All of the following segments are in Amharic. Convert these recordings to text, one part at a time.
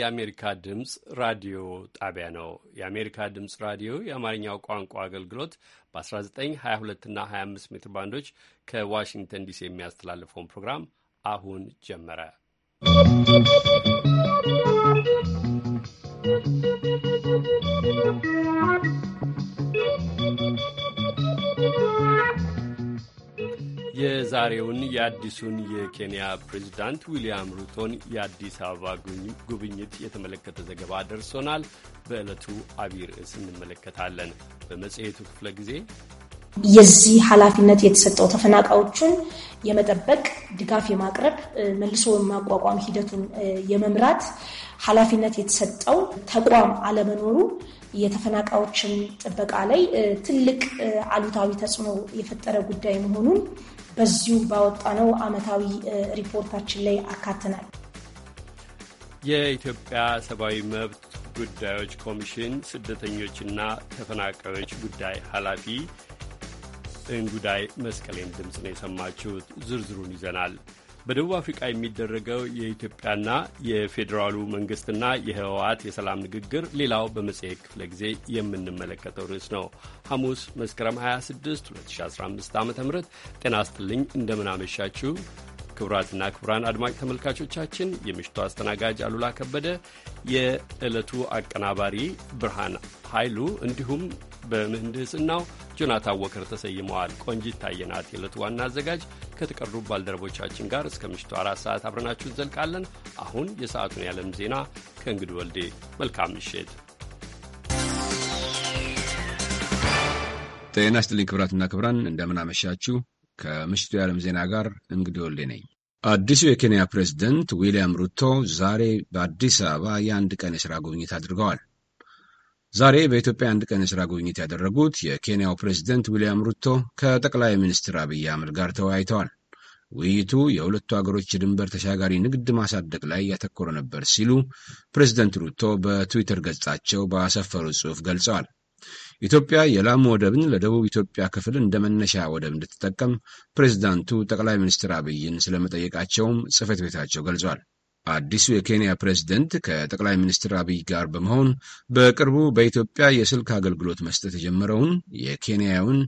የአሜሪካ ድምፅ ራዲዮ ጣቢያ ነው። የአሜሪካ ድምፅ ራዲዮ የአማርኛው ቋንቋ አገልግሎት በ1922 እና 25 ሜትር ባንዶች ከዋሽንግተን ዲሲ የሚያስተላልፈውን ፕሮግራም አሁን ጀመረ። የዛሬውን የአዲሱን የኬንያ ፕሬዚዳንት ዊልያም ሩቶን የአዲስ አበባ ጉብኝት የተመለከተ ዘገባ ደርሶናል። በዕለቱ አቢይ ርዕስ እንመለከታለን። በመጽሔቱ ክፍለ ጊዜ የዚህ ኃላፊነት የተሰጠው ተፈናቃዮቹን የመጠበቅ ድጋፍ የማቅረብ መልሶ የማቋቋም ሂደቱን የመምራት ኃላፊነት የተሰጠው ተቋም አለመኖሩ የተፈናቃዮችን ጥበቃ ላይ ትልቅ አሉታዊ ተጽዕኖ የፈጠረ ጉዳይ መሆኑን በዚሁ ባወጣነው ዓመታዊ ሪፖርታችን ላይ አካትናል። የኢትዮጵያ ሰብአዊ መብት ጉዳዮች ኮሚሽን ስደተኞችና ተፈናቃዮች ጉዳይ ኃላፊ እንጉዳይ መስቀሌን ድምፅ ነው የሰማችሁት። ዝርዝሩን ይዘናል። በደቡብ አፍሪቃ የሚደረገው የኢትዮጵያና የፌዴራሉ መንግስትና የህወሓት የሰላም ንግግር ሌላው በመጽሔት ክፍለ ጊዜ የምንመለከተው ርዕስ ነው። ሐሙስ መስከረም 26 2015 ዓ ም ጤና ይስጥልኝ እንደምናመሻችሁ ክቡራትና ክቡራን አድማጭ ተመልካቾቻችን የምሽቱ አስተናጋጅ አሉላ ከበደ፣ የዕለቱ አቀናባሪ ብርሃን ኃይሉ እንዲሁም በምህንድስናው ጆናታን ወከር ተሰይመዋል። ቆንጂት ታየናት የዕለቱ ዋና አዘጋጅ ከተቀሩ ባልደረቦቻችን ጋር እስከ ምሽቱ አራት ሰዓት አብረናችሁ እንዘልቃለን። አሁን የሰዓቱን የዓለም ዜና ከእንግድ ወልዴ። መልካም ምሽት ጤና ይስጥልኝ ክብራትና ክብራን፣ እንደምናመሻችሁ ከምሽቱ የዓለም ዜና ጋር እንግዲ ወልዴ ነኝ። አዲሱ የኬንያ ፕሬዝደንት ዊልያም ሩቶ ዛሬ በአዲስ አበባ የአንድ ቀን የሥራ ጉብኝት አድርገዋል። ዛሬ በኢትዮጵያ አንድ ቀን የሥራ ጉብኝት ያደረጉት የኬንያው ፕሬዝደንት ዊልያም ሩቶ ከጠቅላይ ሚኒስትር አብይ አህመድ ጋር ተወያይተዋል። ውይይቱ የሁለቱ አገሮች የድንበር ተሻጋሪ ንግድ ማሳደግ ላይ ያተኮረ ነበር ሲሉ ፕሬዝደንት ሩቶ በትዊተር ገጻቸው ባሰፈሩ ጽሑፍ ገልጸዋል። ኢትዮጵያ የላሙ ወደብን ለደቡብ ኢትዮጵያ ክፍል እንደ መነሻ ወደብ እንድትጠቀም ፕሬዚዳንቱ ጠቅላይ ሚኒስትር አብይን ስለመጠየቃቸውም ጽሕፈት ቤታቸው ገልጿል። አዲሱ የኬንያ ፕሬዝደንት ከጠቅላይ ሚኒስትር አብይ ጋር በመሆን በቅርቡ በኢትዮጵያ የስልክ አገልግሎት መስጠት የጀመረውን የኬንያውን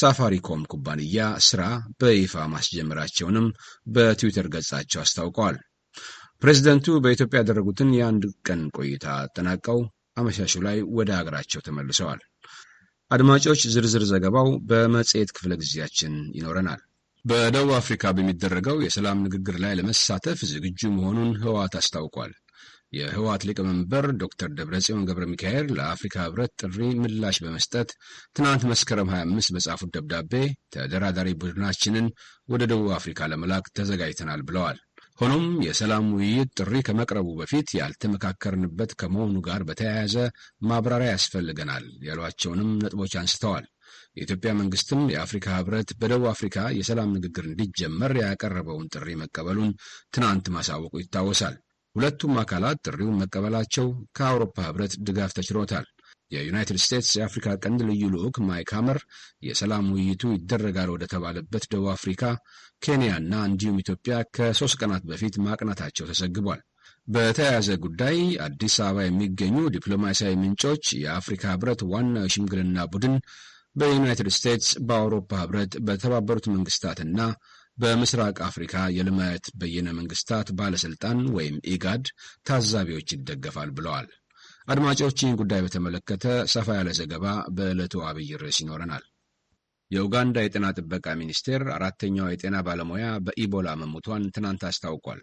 ሳፋሪኮም ኩባንያ ስራ በይፋ ማስጀመራቸውንም በትዊተር ገጻቸው አስታውቀዋል። ፕሬዝደንቱ በኢትዮጵያ ያደረጉትን የአንድ ቀን ቆይታ አጠናቀው አመሻሹ ላይ ወደ አገራቸው ተመልሰዋል። አድማጮች፣ ዝርዝር ዘገባው በመጽሔት ክፍለ ጊዜያችን ይኖረናል። በደቡብ አፍሪካ በሚደረገው የሰላም ንግግር ላይ ለመሳተፍ ዝግጁ መሆኑን ህወሓት አስታውቋል። የህወሓት ሊቀመንበር ዶክተር ደብረጽዮን ገብረ ሚካኤል ለአፍሪካ ህብረት ጥሪ ምላሽ በመስጠት ትናንት መስከረም 25 በጻፉት ደብዳቤ ተደራዳሪ ቡድናችንን ወደ ደቡብ አፍሪካ ለመላክ ተዘጋጅተናል ብለዋል። ሆኖም የሰላም ውይይት ጥሪ ከመቅረቡ በፊት ያልተመካከርንበት ከመሆኑ ጋር በተያያዘ ማብራሪያ ያስፈልገናል ያሏቸውንም ነጥቦች አንስተዋል። የኢትዮጵያ መንግስትም የአፍሪካ ህብረት በደቡብ አፍሪካ የሰላም ንግግር እንዲጀመር ያቀረበውን ጥሪ መቀበሉን ትናንት ማሳወቁ ይታወሳል። ሁለቱም አካላት ጥሪውን መቀበላቸው ከአውሮፓ ህብረት ድጋፍ ተችሎታል። የዩናይትድ ስቴትስ የአፍሪካ ቀንድ ልዩ ልዑክ ማይክ ሀመር የሰላም ውይይቱ ይደረጋል ወደ ተባለበት ደቡብ አፍሪካ፣ ኬንያና እንዲሁም ኢትዮጵያ ከሶስት ቀናት በፊት ማቅናታቸው ተዘግቧል። በተያያዘ ጉዳይ አዲስ አበባ የሚገኙ ዲፕሎማሲያዊ ምንጮች የአፍሪካ ህብረት ዋናው የሽምግልና ቡድን በዩናይትድ ስቴትስ፣ በአውሮፓ ህብረት፣ በተባበሩት መንግስታትና በምስራቅ አፍሪካ የልማት በየነ መንግስታት ባለስልጣን ወይም ኢጋድ ታዛቢዎች ይደገፋል ብለዋል። አድማጮች፣ ይህን ጉዳይ በተመለከተ ሰፋ ያለ ዘገባ በዕለቱ አብይ ርዕስ ይኖረናል። የኡጋንዳ የጤና ጥበቃ ሚኒስቴር አራተኛው የጤና ባለሙያ በኢቦላ መሞቷን ትናንት አስታውቋል።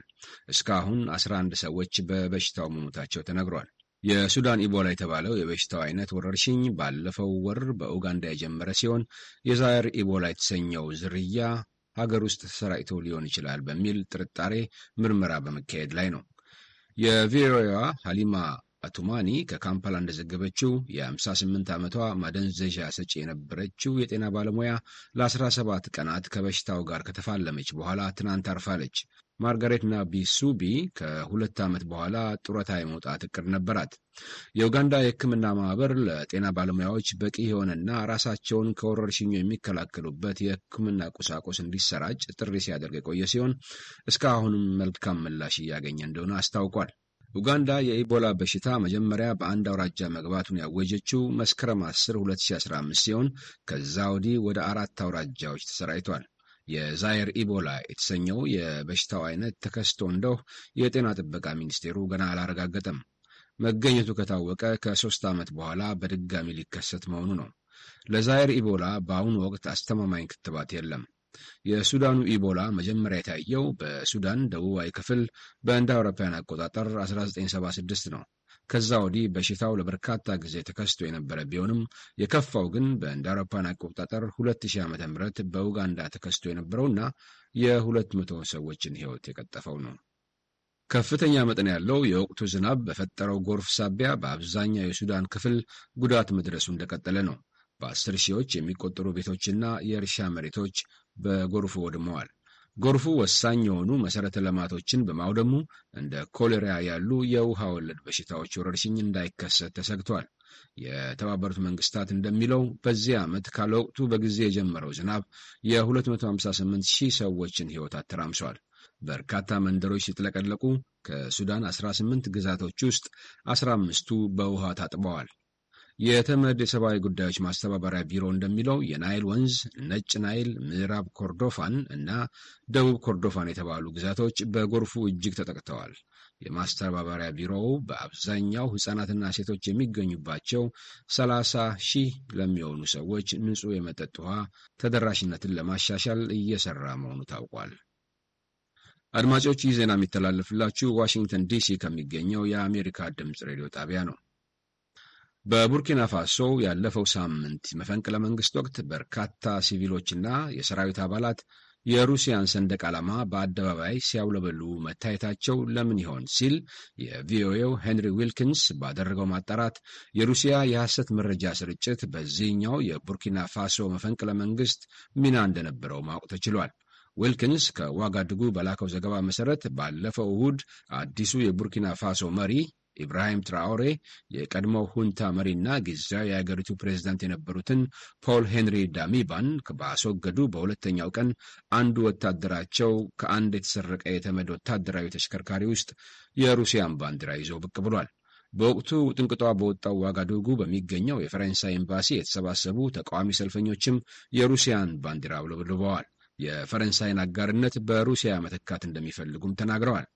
እስካሁን 11 ሰዎች በበሽታው መሞታቸው ተነግሯል። የሱዳን ኢቦላ የተባለው የበሽታው አይነት ወረርሽኝ ባለፈው ወር በኡጋንዳ የጀመረ ሲሆን የዛየር ኢቦላ የተሰኘው ዝርያ ሀገር ውስጥ ተሰራጭቶ ሊሆን ይችላል በሚል ጥርጣሬ ምርመራ በመካሄድ ላይ ነው። የቪኦኤዋ ሀሊማ አቱማኒ ከካምፓላ እንደዘገበችው የ58 ዓመቷ ማደንዘዣ ሰጪ የነበረችው የጤና ባለሙያ ለ17 ቀናት ከበሽታው ጋር ከተፋለመች በኋላ ትናንት አርፋለች። ማርጋሬት ናቢሱቢ ከሁለት ዓመት በኋላ ጡረታ የመውጣት እቅድ ነበራት። የኡጋንዳ የሕክምና ማህበር ለጤና ባለሙያዎች በቂ የሆነና ራሳቸውን ከወረርሽኙ የሚከላከሉበት የሕክምና ቁሳቁስ እንዲሰራጭ ጥሪ ሲያደርግ የቆየ ሲሆን እስካሁንም መልካም ምላሽ እያገኘ እንደሆነ አስታውቋል። ኡጋንዳ የኢቦላ በሽታ መጀመሪያ በአንድ አውራጃ መግባቱን ያወጀችው መስከረም 10 2015 ሲሆን ከዛ ወዲህ ወደ አራት አውራጃዎች ተሰራይቷል። የዛየር ኢቦላ የተሰኘው የበሽታው አይነት ተከስቶ እንደው የጤና ጥበቃ ሚኒስቴሩ ገና አላረጋገጠም። መገኘቱ ከታወቀ ከሶስት ዓመት በኋላ በድጋሚ ሊከሰት መሆኑ ነው። ለዛየር ኢቦላ በአሁኑ ወቅት አስተማማኝ ክትባት የለም። የሱዳኑ ኢቦላ መጀመሪያ የታየው በሱዳን ደቡባዊ ክፍል በእንደ አውሮፓውያን አቆጣጠር 1976 ነው። ከዛ ወዲህ በሽታው ለበርካታ ጊዜ ተከስቶ የነበረ ቢሆንም የከፋው ግን በእንደ አውሮፓን አቆጣጠር 2000 ዓ ም በኡጋንዳ ተከስቶ የነበረውና የ200 ሰዎችን ሕይወት የቀጠፈው ነው። ከፍተኛ መጠን ያለው የወቅቱ ዝናብ በፈጠረው ጎርፍ ሳቢያ በአብዛኛው የሱዳን ክፍል ጉዳት መድረሱ እንደቀጠለ ነው። በአስር ሺዎች የሚቆጠሩ ቤቶችና የእርሻ መሬቶች በጎርፉ ወድመዋል። ጎርፉ ወሳኝ የሆኑ መሠረተ ልማቶችን በማውደሙ እንደ ኮሌራ ያሉ የውሃ ወለድ በሽታዎች ወረርሽኝ እንዳይከሰት ተሰግቷል። የተባበሩት መንግስታት እንደሚለው በዚህ ዓመት ካለ ወቅቱ በጊዜ የጀመረው ዝናብ የ258 ሺህ ሰዎችን ሕይወት አተራምሷል። በርካታ መንደሮች ሲጥለቀለቁ ከሱዳን 18 ግዛቶች ውስጥ 15ቱ በውሃ ታጥበዋል። የተመድ የሰብአዊ ጉዳዮች ማስተባበሪያ ቢሮ እንደሚለው የናይል ወንዝ ነጭ ናይል ምዕራብ ኮርዶፋን እና ደቡብ ኮርዶፋን የተባሉ ግዛቶች በጎርፉ እጅግ ተጠቅተዋል። የማስተባበሪያ ቢሮው በአብዛኛው ሕፃናትና ሴቶች የሚገኙባቸው ሰላሳ ሺህ ለሚሆኑ ሰዎች ንጹህ የመጠጥ ውሃ ተደራሽነትን ለማሻሻል እየሰራ መሆኑ ታውቋል። አድማጮች ይህ ዜና የሚተላለፍላችሁ ዋሽንግተን ዲሲ ከሚገኘው የአሜሪካ ድምፅ ሬዲዮ ጣቢያ ነው። በቡርኪና ፋሶ ያለፈው ሳምንት መፈንቅለ መንግስት ወቅት በርካታ ሲቪሎችና የሰራዊት አባላት የሩሲያን ሰንደቅ ዓላማ በአደባባይ ሲያውለበሉ መታየታቸው ለምን ይሆን ሲል የቪኦኤው ሄንሪ ዊልኪንስ ባደረገው ማጣራት የሩሲያ የሐሰት መረጃ ስርጭት በዚህኛው የቡርኪና ፋሶ መፈንቅለ መንግስት ሚና እንደነበረው ማወቅ ተችሏል። ዊልኪንስ ከዋጋድጉ በላከው ዘገባ መሠረት ባለፈው እሁድ አዲሱ የቡርኪና ፋሶ መሪ ኢብራሂም ትራኦሬ የቀድሞ ሁንታ መሪና ጊዜያዊ የአገሪቱ ፕሬዝዳንት የነበሩትን ፖል ሄንሪ ዳሚባን ባስወገዱ በሁለተኛው ቀን አንዱ ወታደራቸው ከአንድ የተሰረቀ የተመድ ወታደራዊ ተሽከርካሪ ውስጥ የሩሲያን ባንዲራ ይዞ ብቅ ብሏል። በወቅቱ ውጥንቅጧ በወጣው ዋጋዶጉ በሚገኘው የፈረንሳይ ኤምባሲ የተሰባሰቡ ተቃዋሚ ሰልፈኞችም የሩሲያን ባንዲራ አውለብልበዋል። የፈረንሳይን አጋርነት በሩሲያ መተካት እንደሚፈልጉም ተናግረዋል።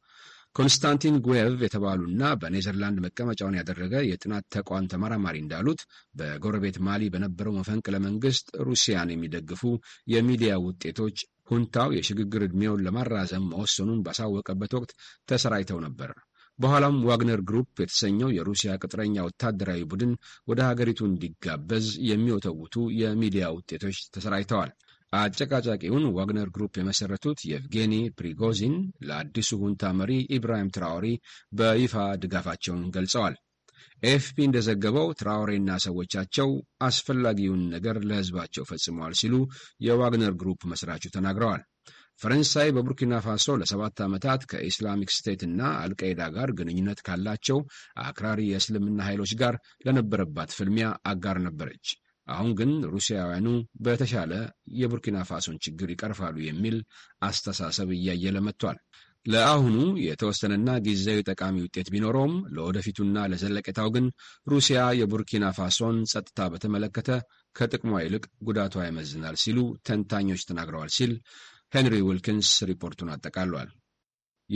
ኮንስታንቲን ጉዌቭ የተባሉና በኔዘርላንድ መቀመጫውን ያደረገ የጥናት ተቋም ተመራማሪ እንዳሉት በጎረቤት ማሊ በነበረው መፈንቅለ መንግስት ሩሲያን የሚደግፉ የሚዲያ ውጤቶች ሁንታው የሽግግር ዕድሜውን ለማራዘም መወሰኑን ባሳወቀበት ወቅት ተሰራይተው ነበር። በኋላም ዋግነር ግሩፕ የተሰኘው የሩሲያ ቅጥረኛ ወታደራዊ ቡድን ወደ ሀገሪቱ እንዲጋበዝ የሚወተውቱ የሚዲያ ውጤቶች ተሰራይተዋል። አጨቃጫቂውን ዋግነር ግሩፕ የመሰረቱት የቭጌኒ ፕሪጎዚን ለአዲሱ ሁንታ መሪ ኢብራሂም ትራኦሬ በይፋ ድጋፋቸውን ገልጸዋል። ኤፍፒ እንደዘገበው ትራኦሬና ሰዎቻቸው አስፈላጊውን ነገር ለሕዝባቸው ፈጽመዋል ሲሉ የዋግነር ግሩፕ መስራቹ ተናግረዋል። ፈረንሳይ በቡርኪና ፋሶ ለሰባት ዓመታት ከኢስላሚክ ስቴት እና አልቃይዳ ጋር ግንኙነት ካላቸው አክራሪ የእስልምና ኃይሎች ጋር ለነበረባት ፍልሚያ አጋር ነበረች። አሁን ግን ሩሲያውያኑ በተሻለ የቡርኪና ፋሶን ችግር ይቀርፋሉ የሚል አስተሳሰብ እያየለ መጥቷል። ለአሁኑ የተወሰነና ጊዜያዊ ጠቃሚ ውጤት ቢኖረውም ለወደፊቱና ለዘለቄታው ግን ሩሲያ የቡርኪና ፋሶን ጸጥታ በተመለከተ ከጥቅሟ ይልቅ ጉዳቷ ይመዝናል ሲሉ ተንታኞች ተናግረዋል ሲል ሄንሪ ዊልኪንስ ሪፖርቱን አጠቃሏል።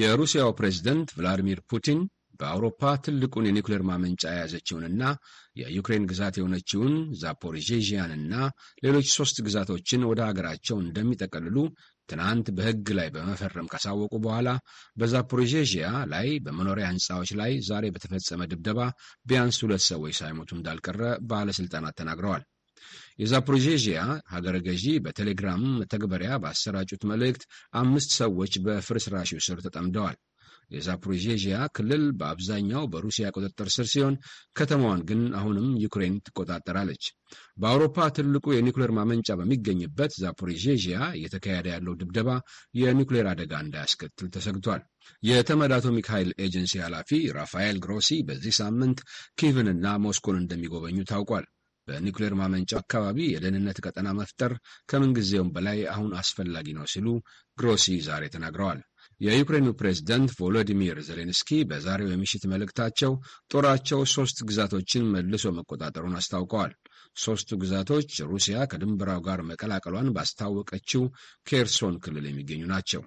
የሩሲያው ፕሬዝደንት ቭላዲሚር ፑቲን በአውሮፓ ትልቁን የኒውክሌር ማመንጫ የያዘችውንና የዩክሬን ግዛት የሆነችውን ዛፖሪዥያንና ሌሎች ሶስት ግዛቶችን ወደ አገራቸው እንደሚጠቀልሉ ትናንት በሕግ ላይ በመፈረም ካሳወቁ በኋላ በዛፖሪዥያ ላይ በመኖሪያ ሕንፃዎች ላይ ዛሬ በተፈጸመ ድብደባ ቢያንስ ሁለት ሰዎች ሳይሞቱ እንዳልቀረ ባለሥልጣናት ተናግረዋል። የዛፖሪዥያ ሀገረ ገዢ በቴሌግራም መተግበሪያ ባሰራጩት መልእክት አምስት ሰዎች በፍርስራሹ ስር ተጠምደዋል። የዛፕሮዥያ ክልል በአብዛኛው በሩሲያ ቁጥጥር ስር ሲሆን ከተማዋን ግን አሁንም ዩክሬን ትቆጣጠራለች። በአውሮፓ ትልቁ የኒውክሌር ማመንጫ በሚገኝበት ዛፖሪዥያ እየተካሄደ ያለው ድብደባ የኒውክሌር አደጋ እንዳያስከትል ተሰግቷል። የተመድ አቶሚክ ኃይል ኤጀንሲ ኃላፊ ራፋኤል ግሮሲ በዚህ ሳምንት ኪቭንና ሞስኮን እንደሚጎበኙ ታውቋል። በኒውክሌር ማመንጫው አካባቢ የደህንነት ቀጠና መፍጠር ከምንጊዜውም በላይ አሁን አስፈላጊ ነው ሲሉ ግሮሲ ዛሬ ተናግረዋል። የዩክሬኑ ፕሬዝደንት ቮሎዲሚር ዜሌንስኪ በዛሬው የምሽት መልእክታቸው ጦራቸው ሶስት ግዛቶችን መልሶ መቆጣጠሩን አስታውቀዋል። ሶስቱ ግዛቶች ሩሲያ ከድንበራው ጋር መቀላቀሏን ባስታወቀችው ኬርሶን ክልል የሚገኙ ናቸው።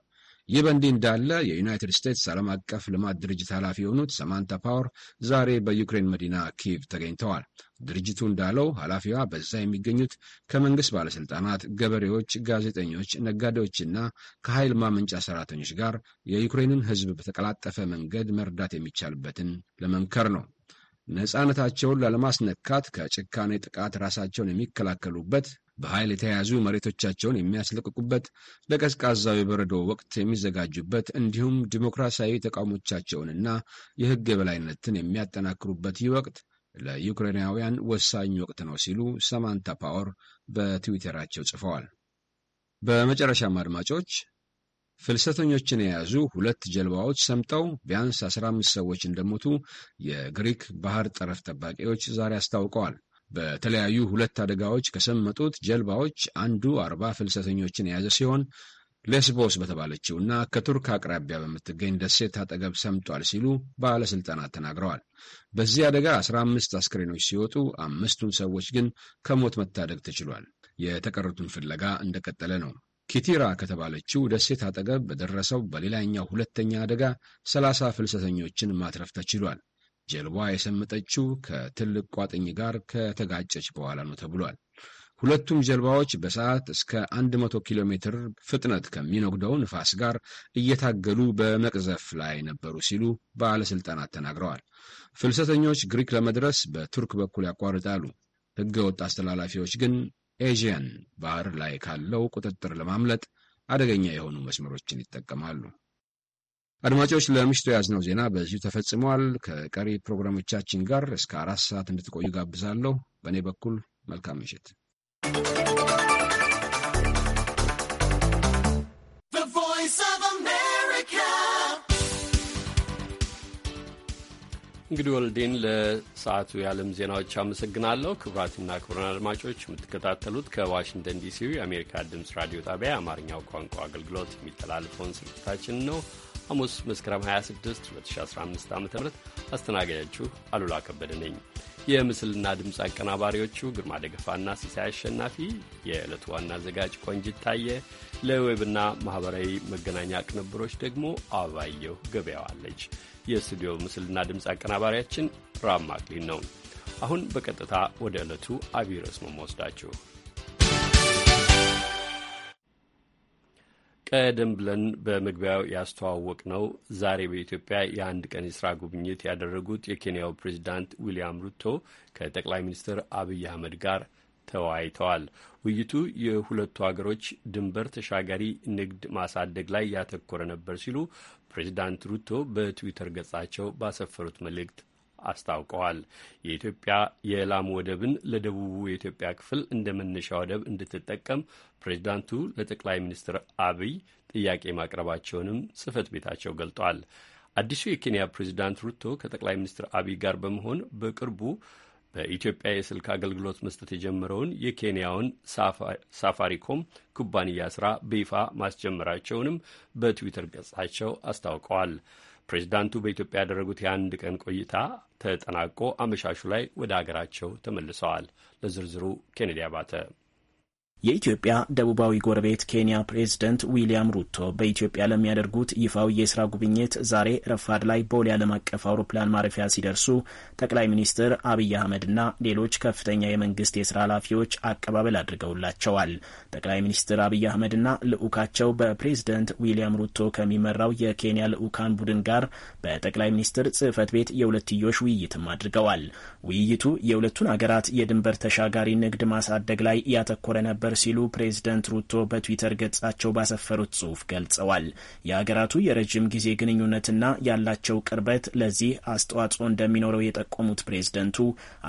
ይህ በእንዲህ እንዳለ የዩናይትድ ስቴትስ ዓለም አቀፍ ልማት ድርጅት ኃላፊ የሆኑት ሰማንታ ፓወር ዛሬ በዩክሬን መዲና ኪቭ ተገኝተዋል። ድርጅቱ እንዳለው ኃላፊዋ በዛ የሚገኙት ከመንግሥት ባለሥልጣናት፣ ገበሬዎች፣ ጋዜጠኞች፣ ነጋዴዎችና ከኃይል ማመንጫ ሠራተኞች ጋር የዩክሬንን ሕዝብ በተቀላጠፈ መንገድ መርዳት የሚቻልበትን ለመምከር ነው። ነፃነታቸውን ላለማስነካት ከጭካኔ ጥቃት ራሳቸውን የሚከላከሉበት በኃይል የተያያዙ መሬቶቻቸውን የሚያስለቅቁበት፣ ለቀዝቃዛው የበረዶ ወቅት የሚዘጋጁበት፣ እንዲሁም ዲሞክራሲያዊ ተቃውሞቻቸውንና የሕግ የበላይነትን የሚያጠናክሩበት ይህ ወቅት ለዩክሬናውያን ወሳኝ ወቅት ነው ሲሉ ሰማንታ ፓወር በትዊተራቸው ጽፈዋል። በመጨረሻም አድማጮች ፍልሰተኞችን የያዙ ሁለት ጀልባዎች ሰምጠው ቢያንስ 15 ሰዎች እንደሞቱ የግሪክ ባህር ጠረፍ ጠባቂዎች ዛሬ አስታውቀዋል። በተለያዩ ሁለት አደጋዎች ከሰመጡት ጀልባዎች አንዱ አርባ ፍልሰተኞችን የያዘ ሲሆን ሌስቦስ በተባለችውና ከቱርክ አቅራቢያ በምትገኝ ደሴት አጠገብ ሰምጧል ሲሉ ባለሥልጣናት ተናግረዋል። በዚህ አደጋ 15 አስክሬኖች ሲወጡ አምስቱን ሰዎች ግን ከሞት መታደግ ተችሏል። የተቀሩትን ፍለጋ እንደቀጠለ ነው። ኪቲራ ከተባለችው ደሴት አጠገብ በደረሰው በሌላኛው ሁለተኛ አደጋ 30 ፍልሰተኞችን ማትረፍ ተችሏል። ጀልባ የሰመጠችው ከትልቅ ቋጥኝ ጋር ከተጋጨች በኋላ ነው ተብሏል። ሁለቱም ጀልባዎች በሰዓት እስከ 100 ኪሎ ሜትር ፍጥነት ከሚነጉደው ንፋስ ጋር እየታገሉ በመቅዘፍ ላይ ነበሩ ሲሉ ባለሥልጣናት ተናግረዋል። ፍልሰተኞች ግሪክ ለመድረስ በቱርክ በኩል ያቋርጣሉ። ሕገ ወጥ አስተላላፊዎች ግን ኤዥያን ባህር ላይ ካለው ቁጥጥር ለማምለጥ አደገኛ የሆኑ መስመሮችን ይጠቀማሉ። አድማጮች፣ ለምሽቱ የያዝነው ዜና በዚሁ ተፈጽመዋል። ከቀሪ ፕሮግራሞቻችን ጋር እስከ አራት ሰዓት እንድትቆዩ ጋብዛለሁ። በእኔ በኩል መልካም ምሽት። እንግዲህ ወልዴን ለሰዓቱ የዓለም ዜናዎች አመሰግናለሁ። ክቡራትና ክቡራን አድማጮች የምትከታተሉት ከዋሽንግተን ዲሲ የአሜሪካ ድምፅ ራዲዮ ጣቢያ የአማርኛው ቋንቋ አገልግሎት የሚተላለፈውን ስርጭታችን ነው። ሐሙስ መስከረም 26 2015 ዓ ም አስተናጋጃችሁ አሉላ ከበደ ነኝ። የምስልና ድምፅ አቀናባሪዎቹ ግርማ ደገፋና ሲሳይ አሸናፊ፣ የዕለቱ ዋና አዘጋጅ ቆንጅ ታየ፣ ለዌብና ማኅበራዊ መገናኛ ቅንብሮች ደግሞ አበባየሁ ገበያዋለች። የስቱዲዮ ምስልና ድምፅ አቀናባሪያችን ራብ ማክሊን ነው። አሁን በቀጥታ ወደ ዕለቱ አቢረስ ርዕስ ነው መወስዳችሁ ቀደም ብለን በመግቢያው ያስተዋወቅ ነው ዛሬ በኢትዮጵያ የአንድ ቀን የስራ ጉብኝት ያደረጉት የኬንያው ፕሬዚዳንት ዊልያም ሩቶ ከጠቅላይ ሚኒስትር አብይ አህመድ ጋር ተወያይተዋል። ውይይቱ የሁለቱ ሀገሮች ድንበር ተሻጋሪ ንግድ ማሳደግ ላይ ያተኮረ ነበር ሲሉ ፕሬዚዳንት ሩቶ በትዊተር ገጻቸው ባሰፈሩት መልእክት አስታውቀዋል። የኢትዮጵያ የላሙ ወደብን ለደቡቡ የኢትዮጵያ ክፍል እንደ መነሻ ወደብ እንድትጠቀም ፕሬዚዳንቱ ለጠቅላይ ሚኒስትር አብይ ጥያቄ ማቅረባቸውንም ጽህፈት ቤታቸው ገልጧል። አዲሱ የኬንያ ፕሬዚዳንት ሩቶ ከጠቅላይ ሚኒስትር አብይ ጋር በመሆን በቅርቡ በኢትዮጵያ የስልክ አገልግሎት መስጠት የጀመረውን የኬንያውን ሳፋሪኮም ኩባንያ ስራ በይፋ ማስጀመራቸውንም በትዊተር ገጻቸው አስታውቀዋል። ፕሬዚዳንቱ በኢትዮጵያ ያደረጉት የአንድ ቀን ቆይታ ተጠናቆ አመሻሹ ላይ ወደ አገራቸው ተመልሰዋል። ለዝርዝሩ ኬኔዲ አባተ የኢትዮጵያ ደቡባዊ ጎረቤት ኬንያ ፕሬዝደንት ዊሊያም ሩቶ በኢትዮጵያ ለሚያደርጉት ይፋዊ የስራ ጉብኝት ዛሬ ረፋድ ላይ ቦሌ ዓለም አቀፍ አውሮፕላን ማረፊያ ሲደርሱ ጠቅላይ ሚኒስትር አብይ አህመድና ሌሎች ከፍተኛ የመንግስት የስራ ኃላፊዎች አቀባበል አድርገውላቸዋል። ጠቅላይ ሚኒስትር አብይ አህመድና ልዑካቸው በፕሬዝደንት ዊሊያም ሩቶ ከሚመራው የኬንያ ልዑካን ቡድን ጋር በጠቅላይ ሚኒስትር ጽህፈት ቤት የሁለትዮሽ ውይይትም አድርገዋል። ውይይቱ የሁለቱን አገራት የድንበር ተሻጋሪ ንግድ ማሳደግ ላይ ያተኮረ ነበር ነበር ሲሉ ፕሬዝደንት ሩቶ በትዊተር ገጻቸው ባሰፈሩት ጽሑፍ ገልጸዋል። የሀገራቱ የረዥም ጊዜ ግንኙነትና ያላቸው ቅርበት ለዚህ አስተዋጽኦ እንደሚኖረው የጠቆሙት ፕሬዝደንቱ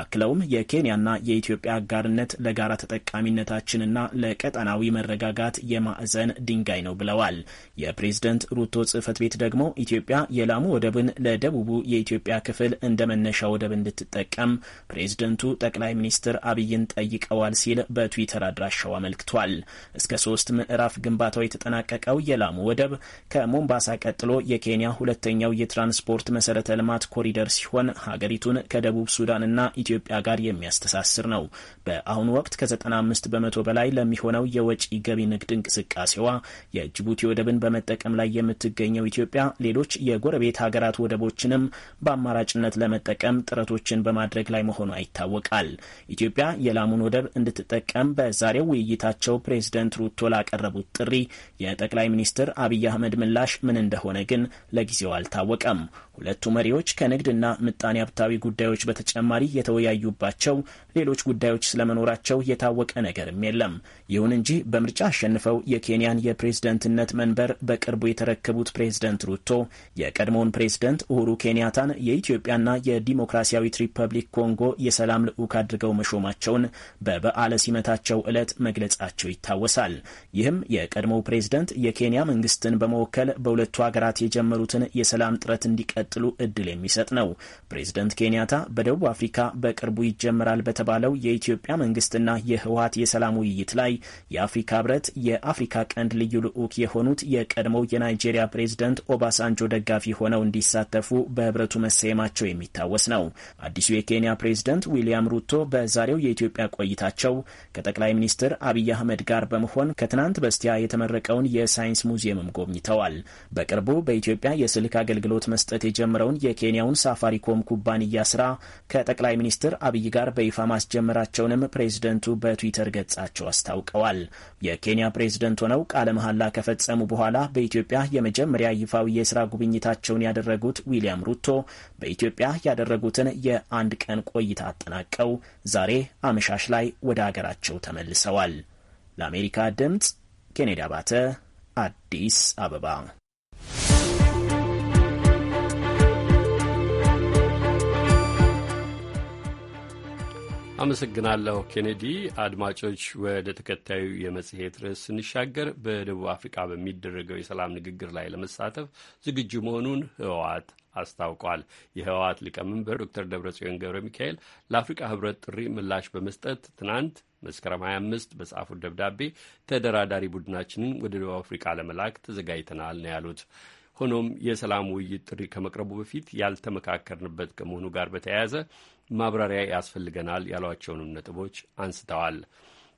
አክለውም የኬንያና የኢትዮጵያ አጋርነት ለጋራ ተጠቃሚነታችንና ለቀጠናዊ መረጋጋት የማዕዘን ድንጋይ ነው ብለዋል። የፕሬዝደንት ሩቶ ጽህፈት ቤት ደግሞ ኢትዮጵያ የላሙ ወደብን ለደቡቡ የኢትዮጵያ ክፍል እንደ መነሻ ወደብ እንድትጠቀም ፕሬዝደንቱ ጠቅላይ ሚኒስትር አብይን ጠይቀዋል ሲል በትዊተር አድራሻው መጀመሩ አመልክቷል። እስከ ሶስት ምዕራፍ ግንባታው የተጠናቀቀው የላሙ ወደብ ከሞምባሳ ቀጥሎ የኬንያ ሁለተኛው የትራንስፖርት መሰረተ ልማት ኮሪደር ሲሆን ሀገሪቱን ከደቡብ ሱዳንና ኢትዮጵያ ጋር የሚያስተሳስር ነው። በአሁኑ ወቅት ከ95 በመቶ በላይ ለሚሆነው የወጪ ገቢ ንግድ እንቅስቃሴዋ የጅቡቲ ወደብን በመጠቀም ላይ የምትገኘው ኢትዮጵያ ሌሎች የጎረቤት ሀገራት ወደቦችንም በአማራጭነት ለመጠቀም ጥረቶችን በማድረግ ላይ መሆኗ ይታወቃል። ኢትዮጵያ የላሙን ወደብ እንድትጠቀም በዛሬው ውይይታቸው ፕሬዝደንት ሩቶ ላቀረቡት ጥሪ የጠቅላይ ሚኒስትር አብይ አህመድ ምላሽ ምን እንደሆነ ግን ለጊዜው አልታወቀም። ሁለቱ መሪዎች ከንግድና ምጣኔ ሀብታዊ ጉዳዮች በተጨማሪ የተወያዩባቸው ሌሎች ጉዳዮች ስለመኖራቸው የታወቀ ነገርም የለም። ይሁን እንጂ በምርጫ አሸንፈው የኬንያን የፕሬዝደንትነት መንበር በቅርቡ የተረከቡት ፕሬዝደንት ሩቶ የቀድሞውን ፕሬዝደንት ኡሁሩ ኬንያታን የኢትዮጵያና የዲሞክራሲያዊት ሪፐብሊክ ኮንጎ የሰላም ልዑክ አድርገው መሾማቸውን በበዓለ ሲመታቸው ዕለት መግለጻቸው ይታወሳል። ይህም የቀድሞው ፕሬዝደንት የኬንያ መንግስትን በመወከል በሁለቱ ሀገራት የጀመሩትን የሰላም ጥረት እንዲቀጥሉ እድል የሚሰጥ ነው። ፕሬዝደንት ኬንያታ በደቡብ አፍሪካ በቅርቡ ይጀምራል በተባለው የኢትዮጵያ መንግስትና የህወሀት የሰላም ውይይት ላይ የአፍሪካ ህብረት የአፍሪካ ቀንድ ልዩ ልዑክ የሆኑት የቀድሞው የናይጄሪያ ፕሬዝደንት ኦባሳንጆ ደጋፊ ሆነው እንዲሳተፉ በህብረቱ መሰየማቸው የሚታወስ ነው። አዲሱ የኬንያ ፕሬዝደንት ዊልያም ሩቶ በዛሬው የኢትዮጵያ ቆይታቸው ከጠቅላይ ሚኒስትር አብይ አህመድ ጋር በመሆን ከትናንት በስቲያ የተመረቀውን የሳይንስ ሙዚየምም ጎብኝተዋል። በቅርቡ በኢትዮጵያ የስልክ አገልግሎት መስጠት የጀመረውን የኬንያውን ሳፋሪኮም ኩባንያ ስራ ከጠቅላይ ሚኒስትር አብይ ጋር በይፋ ማስጀመራቸውንም ፕሬዝደንቱ በትዊተር ገጻቸው አስታውቀዋል። ተመርጠዋል። የኬንያ ፕሬዝደንት ሆነው ቃለ መሐላ ከፈጸሙ በኋላ በኢትዮጵያ የመጀመሪያ ይፋዊ የስራ ጉብኝታቸውን ያደረጉት ዊሊያም ሩቶ በኢትዮጵያ ያደረጉትን የአንድ ቀን ቆይታ አጠናቀው ዛሬ አመሻሽ ላይ ወደ አገራቸው ተመልሰዋል። ለአሜሪካ ድምፅ ኬኔዲ አባተ አዲስ አበባ አመሰግናለሁ ኬኔዲ። አድማጮች ወደ ተከታዩ የመጽሔት ርዕስ ስንሻገር በደቡብ አፍሪካ በሚደረገው የሰላም ንግግር ላይ ለመሳተፍ ዝግጁ መሆኑን ህወሓት አስታውቋል። የህወሓት ሊቀመንበር ዶክተር ደብረጽዮን ገብረ ሚካኤል ለአፍሪካ ህብረት ጥሪ ምላሽ በመስጠት ትናንት መስከረም 25 በጻፉት ደብዳቤ ተደራዳሪ ቡድናችንን ወደ ደቡብ አፍሪካ ለመላክ ተዘጋጅተናል ነው ያሉት። ሆኖም የሰላም ውይይት ጥሪ ከመቅረቡ በፊት ያልተመካከርንበት ከመሆኑ ጋር በተያያዘ ማብራሪያ ያስፈልገናል ያሏቸውንም ነጥቦች አንስተዋል።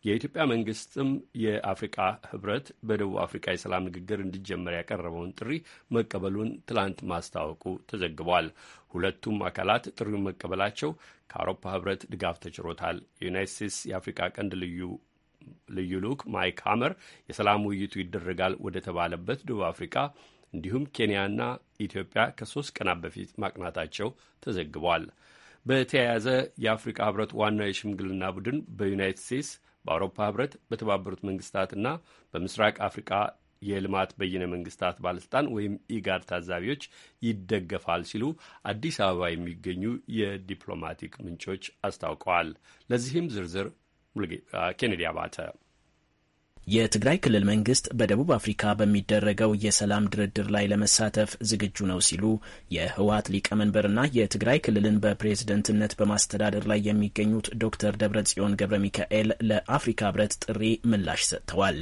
የኢትዮጵያ መንግስትም የአፍሪቃ ህብረት በደቡብ አፍሪካ የሰላም ንግግር እንዲጀመር ያቀረበውን ጥሪ መቀበሉን ትላንት ማስታወቁ ተዘግቧል። ሁለቱም አካላት ጥሪውን መቀበላቸው ከአውሮፓ ህብረት ድጋፍ ተችሮታል። የዩናይት ስቴትስ የአፍሪቃ ቀንድ ልዩ ልዩ ልዑክ ማይክ ሀመር የሰላም ውይይቱ ይደረጋል ወደ ተባለበት ደቡብ አፍሪካ እንዲሁም ኬንያና ኢትዮጵያ ከሶስት ቀናት በፊት ማቅናታቸው ተዘግቧል። በተያያዘ የአፍሪቃ ህብረት ዋና የሽምግልና ቡድን በዩናይትድ ስቴትስ፣ በአውሮፓ ህብረት፣ በተባበሩት መንግስታትና በምስራቅ አፍሪቃ የልማት በይነ መንግስታት ባለስልጣን ወይም ኢጋድ ታዛቢዎች ይደገፋል ሲሉ አዲስ አበባ የሚገኙ የዲፕሎማቲክ ምንጮች አስታውቀዋል። ለዚህም ዝርዝር ኬኔዲ አባተ የትግራይ ክልል መንግስት በደቡብ አፍሪካ በሚደረገው የሰላም ድርድር ላይ ለመሳተፍ ዝግጁ ነው ሲሉ የህወሀት ሊቀመንበርና የትግራይ ክልልን በፕሬዝደንትነት በማስተዳደር ላይ የሚገኙት ዶክተር ደብረጽዮን ገብረ ሚካኤል ለአፍሪካ ህብረት ጥሪ ምላሽ ሰጥተዋል።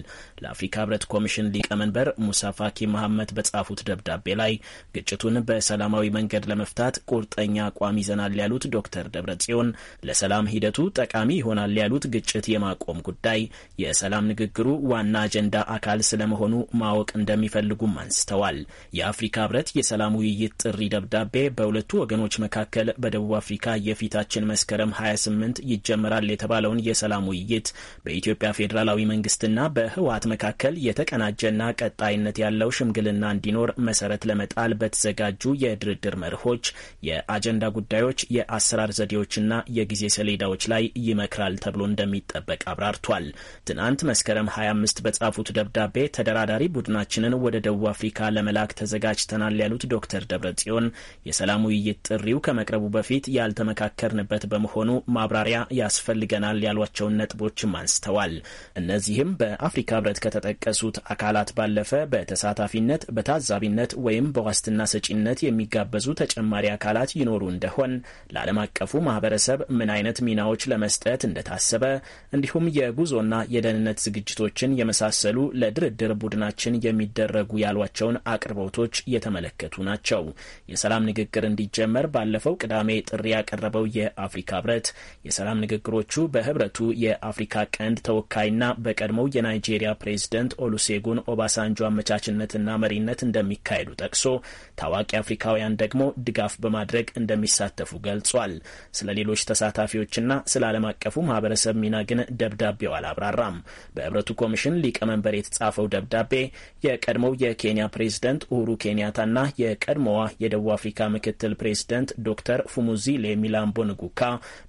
ለአፍሪካ ህብረት ኮሚሽን ሊቀመንበር ሙሳ ፋኪ መሐመድ በጻፉት ደብዳቤ ላይ ግጭቱን በሰላማዊ መንገድ ለመፍታት ቁርጠኛ አቋም ይዘናል ያሉት ዶክተር ደብረጽዮን ለሰላም ሂደቱ ጠቃሚ ይሆናል ያሉት ግጭት የማቆም ጉዳይ የሰላም ንግግሩ ዋና አጀንዳ አካል ስለመሆኑ ማወቅ እንደሚፈልጉም አንስተዋል። የአፍሪካ ህብረት የሰላም ውይይት ጥሪ ደብዳቤ በሁለቱ ወገኖች መካከል በደቡብ አፍሪካ የፊታችን መስከረም 28 ይጀመራል የተባለውን የሰላም ውይይት በኢትዮጵያ ፌዴራላዊ መንግስትና በህወሀት መካከል የተቀናጀና ቀጣይነት ያለው ሽምግልና እንዲኖር መሰረት ለመጣል በተዘጋጁ የድርድር መርሆች፣ የአጀንዳ ጉዳዮች፣ የአሰራር ዘዴዎችና የጊዜ ሰሌዳዎች ላይ ይመክራል ተብሎ እንደሚጠበቅ አብራርቷል። ትናንት መስከረም 25 በጻፉት ደብዳቤ ተደራዳሪ ቡድናችንን ወደ ደቡብ አፍሪካ ለመላክ ተዘጋጅተናል ያሉት ዶክተር ደብረ ጽዮን የሰላም ውይይት ጥሪው ከመቅረቡ በፊት ያልተመካከርንበት በመሆኑ ማብራሪያ ያስፈልገናል ያሏቸውን ነጥቦችም አንስተዋል። እነዚህም በአፍሪካ ህብረት ከተጠቀሱት አካላት ባለፈ በተሳታፊነት በታዛቢነት ወይም በዋስትና ሰጪነት የሚጋበዙ ተጨማሪ አካላት ይኖሩ እንደሆን፣ ለዓለም አቀፉ ማህበረሰብ ምን አይነት ሚናዎች ለመስጠት እንደታሰበ፣ እንዲሁም የጉዞና የደህንነት ዝግጅቶች ሌሎችን የመሳሰሉ ለድርድር ቡድናችን የሚደረጉ ያሏቸውን አቅርቦቶች የተመለከቱ ናቸው። የሰላም ንግግር እንዲጀመር ባለፈው ቅዳሜ ጥሪ ያቀረበው የአፍሪካ ህብረት የሰላም ንግግሮቹ በህብረቱ የአፍሪካ ቀንድ ተወካይና በቀድሞው የናይጄሪያ ፕሬዝደንት ኦሉሴጉን ኦባሳንጆ አመቻችነትና መሪነት እንደሚካሄዱ ጠቅሶ ታዋቂ አፍሪካውያን ደግሞ ድጋፍ በማድረግ እንደሚሳተፉ ገልጿል። ስለ ሌሎች ተሳታፊዎችና ስለ ዓለም አቀፉ ማህበረሰብ ሚና ግን ደብዳቤው አላብራራም። በህብረቱ ኮሚሽን ሊቀመንበር የተጻፈው ደብዳቤ የቀድሞው የኬንያ ፕሬዝደንት ኡሁሩ ኬንያታና የቀድሞዋ የደቡብ አፍሪካ ምክትል ፕሬዝደንት ዶክተር ፉሙዚሌ ሚላምቦ ንጉካ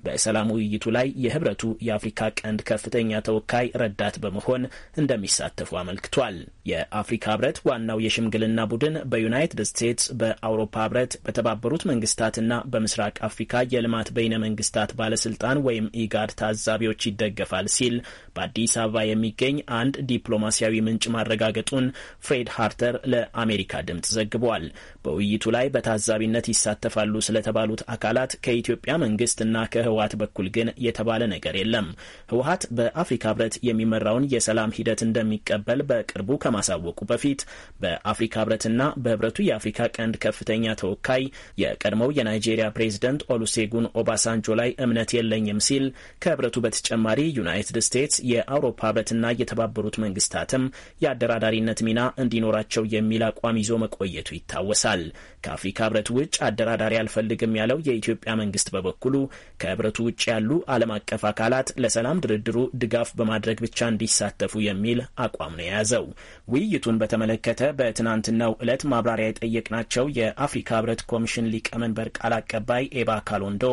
በሰላም ውይይቱ ላይ የህብረቱ የአፍሪካ ቀንድ ከፍተኛ ተወካይ ረዳት በመሆን እንደሚሳተፉ አመልክቷል። የአፍሪካ ህብረት ዋናው የሽምግልና ቡድን በዩናይትድ ስቴትስ፣ በአውሮፓ ህብረት፣ በተባበሩት መንግስታትና በምስራቅ አፍሪካ የልማት በይነ መንግስታት ባለስልጣን ወይም ኢጋድ ታዛቢዎች ይደገፋል ሲል በአዲስ አበባ የሚገኝ አንድ ዲፕሎማሲያዊ ምንጭ ማረጋገጡን ፍሬድ ሃርተር ለአሜሪካ ድምፅ ዘግቧል። በውይይቱ ላይ በታዛቢነት ይሳተፋሉ ስለተባሉት አካላት ከኢትዮጵያ መንግስትና ከህወሀት በኩል ግን የተባለ ነገር የለም። ህወሀት በአፍሪካ ህብረት የሚመራውን የሰላም ሂደት እንደሚቀበል በቅርቡ ከማሳወቁ በፊት በአፍሪካ ህብረትና በህብረቱ የአፍሪካ ቀንድ ከፍተኛ ተወካይ የቀድሞው የናይጄሪያ ፕሬዚደንት ኦሉሴጉን ኦባሳንጆ ላይ እምነት የለኝም ሲል ከህብረቱ በተጨማሪ ዩናይትድ ስቴትስ የአውሮፓ ህብረትና የተባበሩት መንግስታትም የአደራዳሪነት ሚና እንዲኖራቸው የሚል አቋም ይዞ መቆየቱ ይታወሳል። ከአፍሪካ ህብረት ውጭ አደራዳሪ አልፈልግም ያለው የኢትዮጵያ መንግስት በበኩሉ ከህብረቱ ውጭ ያሉ ዓለም አቀፍ አካላት ለሰላም ድርድሩ ድጋፍ በማድረግ ብቻ እንዲሳተፉ የሚል አቋም ነው የያዘው። ውይይቱን በተመለከተ በትናንትናው ዕለት ማብራሪያ የጠየቅናቸው የአፍሪካ ህብረት ኮሚሽን ሊቀመንበር ቃል አቀባይ ኤባ ካሎንዶ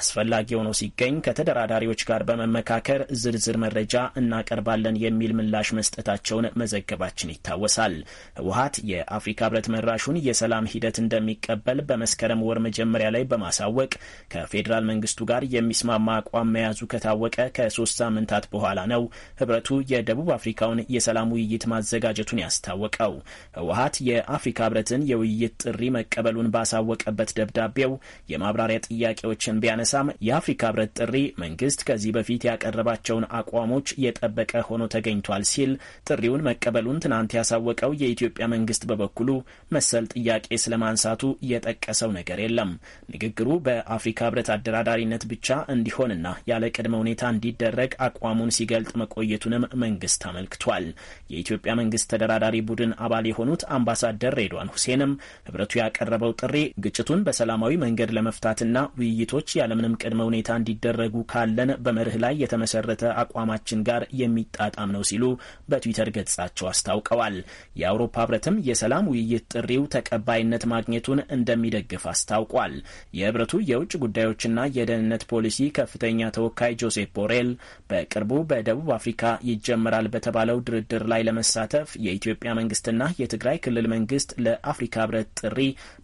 አስፈላጊ ሆኖ ሲገኝ ከተደራዳሪዎች ጋር በመመካከር ዝርዝር መረጃ እናቀርባለን የሚ የሚል ምላሽ መስጠታቸውን መዘገባችን ይታወሳል። ህወሀት የአፍሪካ ህብረት መራሹን የሰላም ሂደት እንደሚቀበል በመስከረም ወር መጀመሪያ ላይ በማሳወቅ ከፌዴራል መንግስቱ ጋር የሚስማማ አቋም መያዙ ከታወቀ ከሶስት ሳምንታት በኋላ ነው ህብረቱ የደቡብ አፍሪካውን የሰላም ውይይት ማዘጋጀቱን ያስታወቀው። ህወሀት የአፍሪካ ህብረትን የውይይት ጥሪ መቀበሉን ባሳወቀበት ደብዳቤው የማብራሪያ ጥያቄዎችን ቢያነሳም የአፍሪካ ህብረት ጥሪ መንግስት ከዚህ በፊት ያቀረባቸውን አቋሞች የጠበቀ ሆኖ ተገኝ ተገኝቷል ሲል ጥሪውን መቀበሉን ትናንት ያሳወቀው የኢትዮጵያ መንግስት በበኩሉ መሰል ጥያቄ ስለማንሳቱ የጠቀሰው ነገር የለም። ንግግሩ በአፍሪካ ህብረት አደራዳሪነት ብቻ እንዲሆንና ያለ ቅድመ ሁኔታ እንዲደረግ አቋሙን ሲገልጥ መቆየቱንም መንግስት አመልክቷል። የኢትዮጵያ መንግስት ተደራዳሪ ቡድን አባል የሆኑት አምባሳደር ሬድዋን ሁሴንም ህብረቱ ያቀረበው ጥሪ ግጭቱን በሰላማዊ መንገድ ለመፍታትና ውይይቶች ያለምንም ቅድመ ሁኔታ እንዲደረጉ ካለን በመርህ ላይ የተመሰረተ አቋማችን ጋር የሚጣጣም ሰላም ነው ሲሉ በትዊተር ገጻቸው አስታውቀዋል። የአውሮፓ ህብረትም የሰላም ውይይት ጥሪው ተቀባይነት ማግኘቱን እንደሚደግፍ አስታውቋል። የህብረቱ የውጭ ጉዳዮችና የደህንነት ፖሊሲ ከፍተኛ ተወካይ ጆሴፕ ቦሬል በቅርቡ በደቡብ አፍሪካ ይጀምራል በተባለው ድርድር ላይ ለመሳተፍ የኢትዮጵያ መንግስትና የትግራይ ክልል መንግስት ለአፍሪካ ህብረት ጥሪ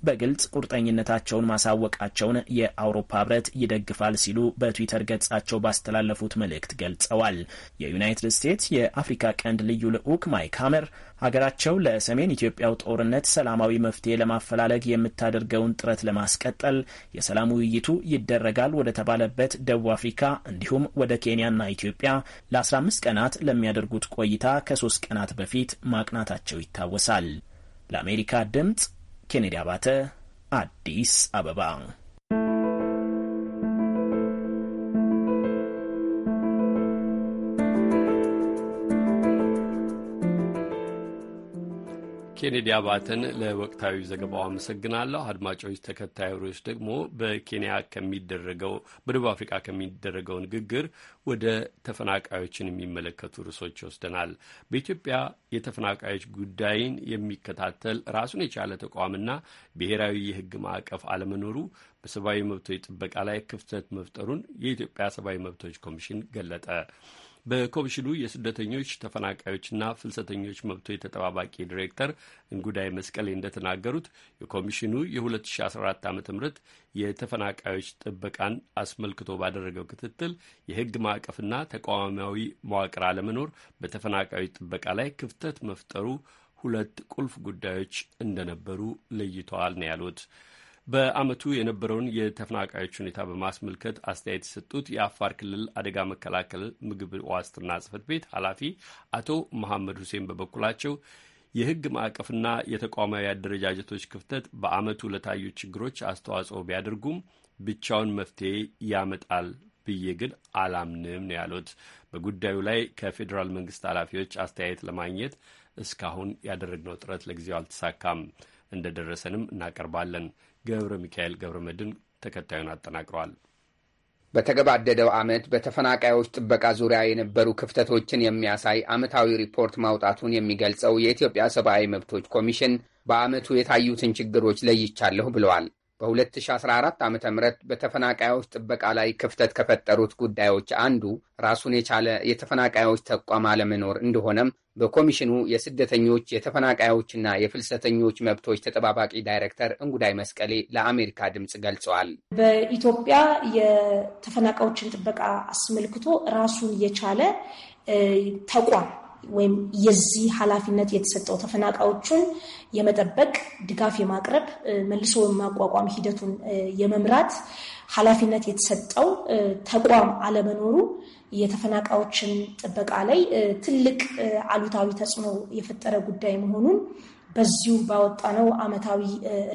በግልጽ ቁርጠኝነታቸውን ማሳወቃቸውን የአውሮፓ ህብረት ይደግፋል ሲሉ በትዊተር ገጻቸው ባስተላለፉት መልእክት ገልጸዋል። የዩናይትድ ስቴትስ የአፍሪካ ቀንድ ልዩ ልዑክ ማይክ ሀመር ሀገራቸው ለሰሜን ኢትዮጵያው ጦርነት ሰላማዊ መፍትሄ ለማፈላለግ የምታደርገውን ጥረት ለማስቀጠል የሰላም ውይይቱ ይደረጋል ወደ ተባለበት ደቡብ አፍሪካ እንዲሁም ወደ ኬንያና ኢትዮጵያ ለ15 ቀናት ለሚያደርጉት ቆይታ ከሶስት ቀናት በፊት ማቅናታቸው ይታወሳል። ለአሜሪካ ድምፅ ኬኔዲ አባተ አዲስ አበባ ኬኔዲ አባተን ለወቅታዊ ዘገባው አመሰግናለሁ። አድማጮች፣ ተከታዩ ርዕስ ደግሞ በኬንያ ከሚደረገው በደቡብ አፍሪካ ከሚደረገው ንግግር ወደ ተፈናቃዮችን የሚመለከቱ ርዕሶች ይወስደናል። በኢትዮጵያ የተፈናቃዮች ጉዳይን የሚከታተል ራሱን የቻለ ተቋምና ብሔራዊ የሕግ ማዕቀፍ አለመኖሩ በሰብአዊ መብቶች ጥበቃ ላይ ክፍተት መፍጠሩን የኢትዮጵያ ሰብአዊ መብቶች ኮሚሽን ገለጠ። በኮሚሽኑ የስደተኞች ተፈናቃዮችና ፍልሰተኞች መብቶች ተጠባባቂ ዲሬክተር እንጉዳይ መስቀሌ እንደተናገሩት የኮሚሽኑ የ2014 ዓ ም የተፈናቃዮች ጥበቃን አስመልክቶ ባደረገው ክትትል የህግ ማዕቀፍና ተቋማዊ መዋቅር አለመኖር በተፈናቃዮች ጥበቃ ላይ ክፍተት መፍጠሩ ሁለት ቁልፍ ጉዳዮች እንደነበሩ ለይተዋል ነው ያሉት። በአመቱ የነበረውን የተፈናቃዮች ሁኔታ በማስመልከት አስተያየት የሰጡት የአፋር ክልል አደጋ መከላከል ምግብ ዋስትና ጽህፈት ቤት ኃላፊ አቶ መሐመድ ሁሴን በበኩላቸው የህግ ማዕቀፍና የተቋማዊ አደረጃጀቶች ክፍተት በአመቱ ለታዩ ችግሮች አስተዋጽኦ ቢያደርጉም ብቻውን መፍትሄ ያመጣል ብዬ ግን አላምንም ነው ያሉት። በጉዳዩ ላይ ከፌዴራል መንግስት ኃላፊዎች አስተያየት ለማግኘት እስካሁን ያደረግነው ጥረት ለጊዜው አልተሳካም። እንደደረሰንም እናቀርባለን። ገብረ ሚካኤል ገብረ መድን ተከታዩን አጠናቅረዋል። በተገባደደው ዓመት በተፈናቃዮች ጥበቃ ዙሪያ የነበሩ ክፍተቶችን የሚያሳይ ዓመታዊ ሪፖርት ማውጣቱን የሚገልጸው የኢትዮጵያ ሰብአዊ መብቶች ኮሚሽን በዓመቱ የታዩትን ችግሮች ለይቻለሁ ብለዋል። በ2014 ዓ ም በተፈናቃዮች ጥበቃ ላይ ክፍተት ከፈጠሩት ጉዳዮች አንዱ ራሱን የቻለ የተፈናቃዮች ተቋም አለመኖር እንደሆነም በኮሚሽኑ የስደተኞች የተፈናቃዮችና የፍልሰተኞች መብቶች ተጠባባቂ ዳይሬክተር እንጉዳይ መስቀሌ ለአሜሪካ ድምፅ ገልጸዋል። በኢትዮጵያ የተፈናቃዮችን ጥበቃ አስመልክቶ ራሱን የቻለ ተቋም ወይም የዚህ ኃላፊነት የተሰጠው ተፈናቃዮቹን የመጠበቅ ድጋፍ የማቅረብ መልሶ የማቋቋም ሂደቱን የመምራት ኃላፊነት የተሰጠው ተቋም አለመኖሩ የተፈናቃዮችን ጥበቃ ላይ ትልቅ አሉታዊ ተጽዕኖ የፈጠረ ጉዳይ መሆኑን በዚሁ ባወጣነው ዓመታዊ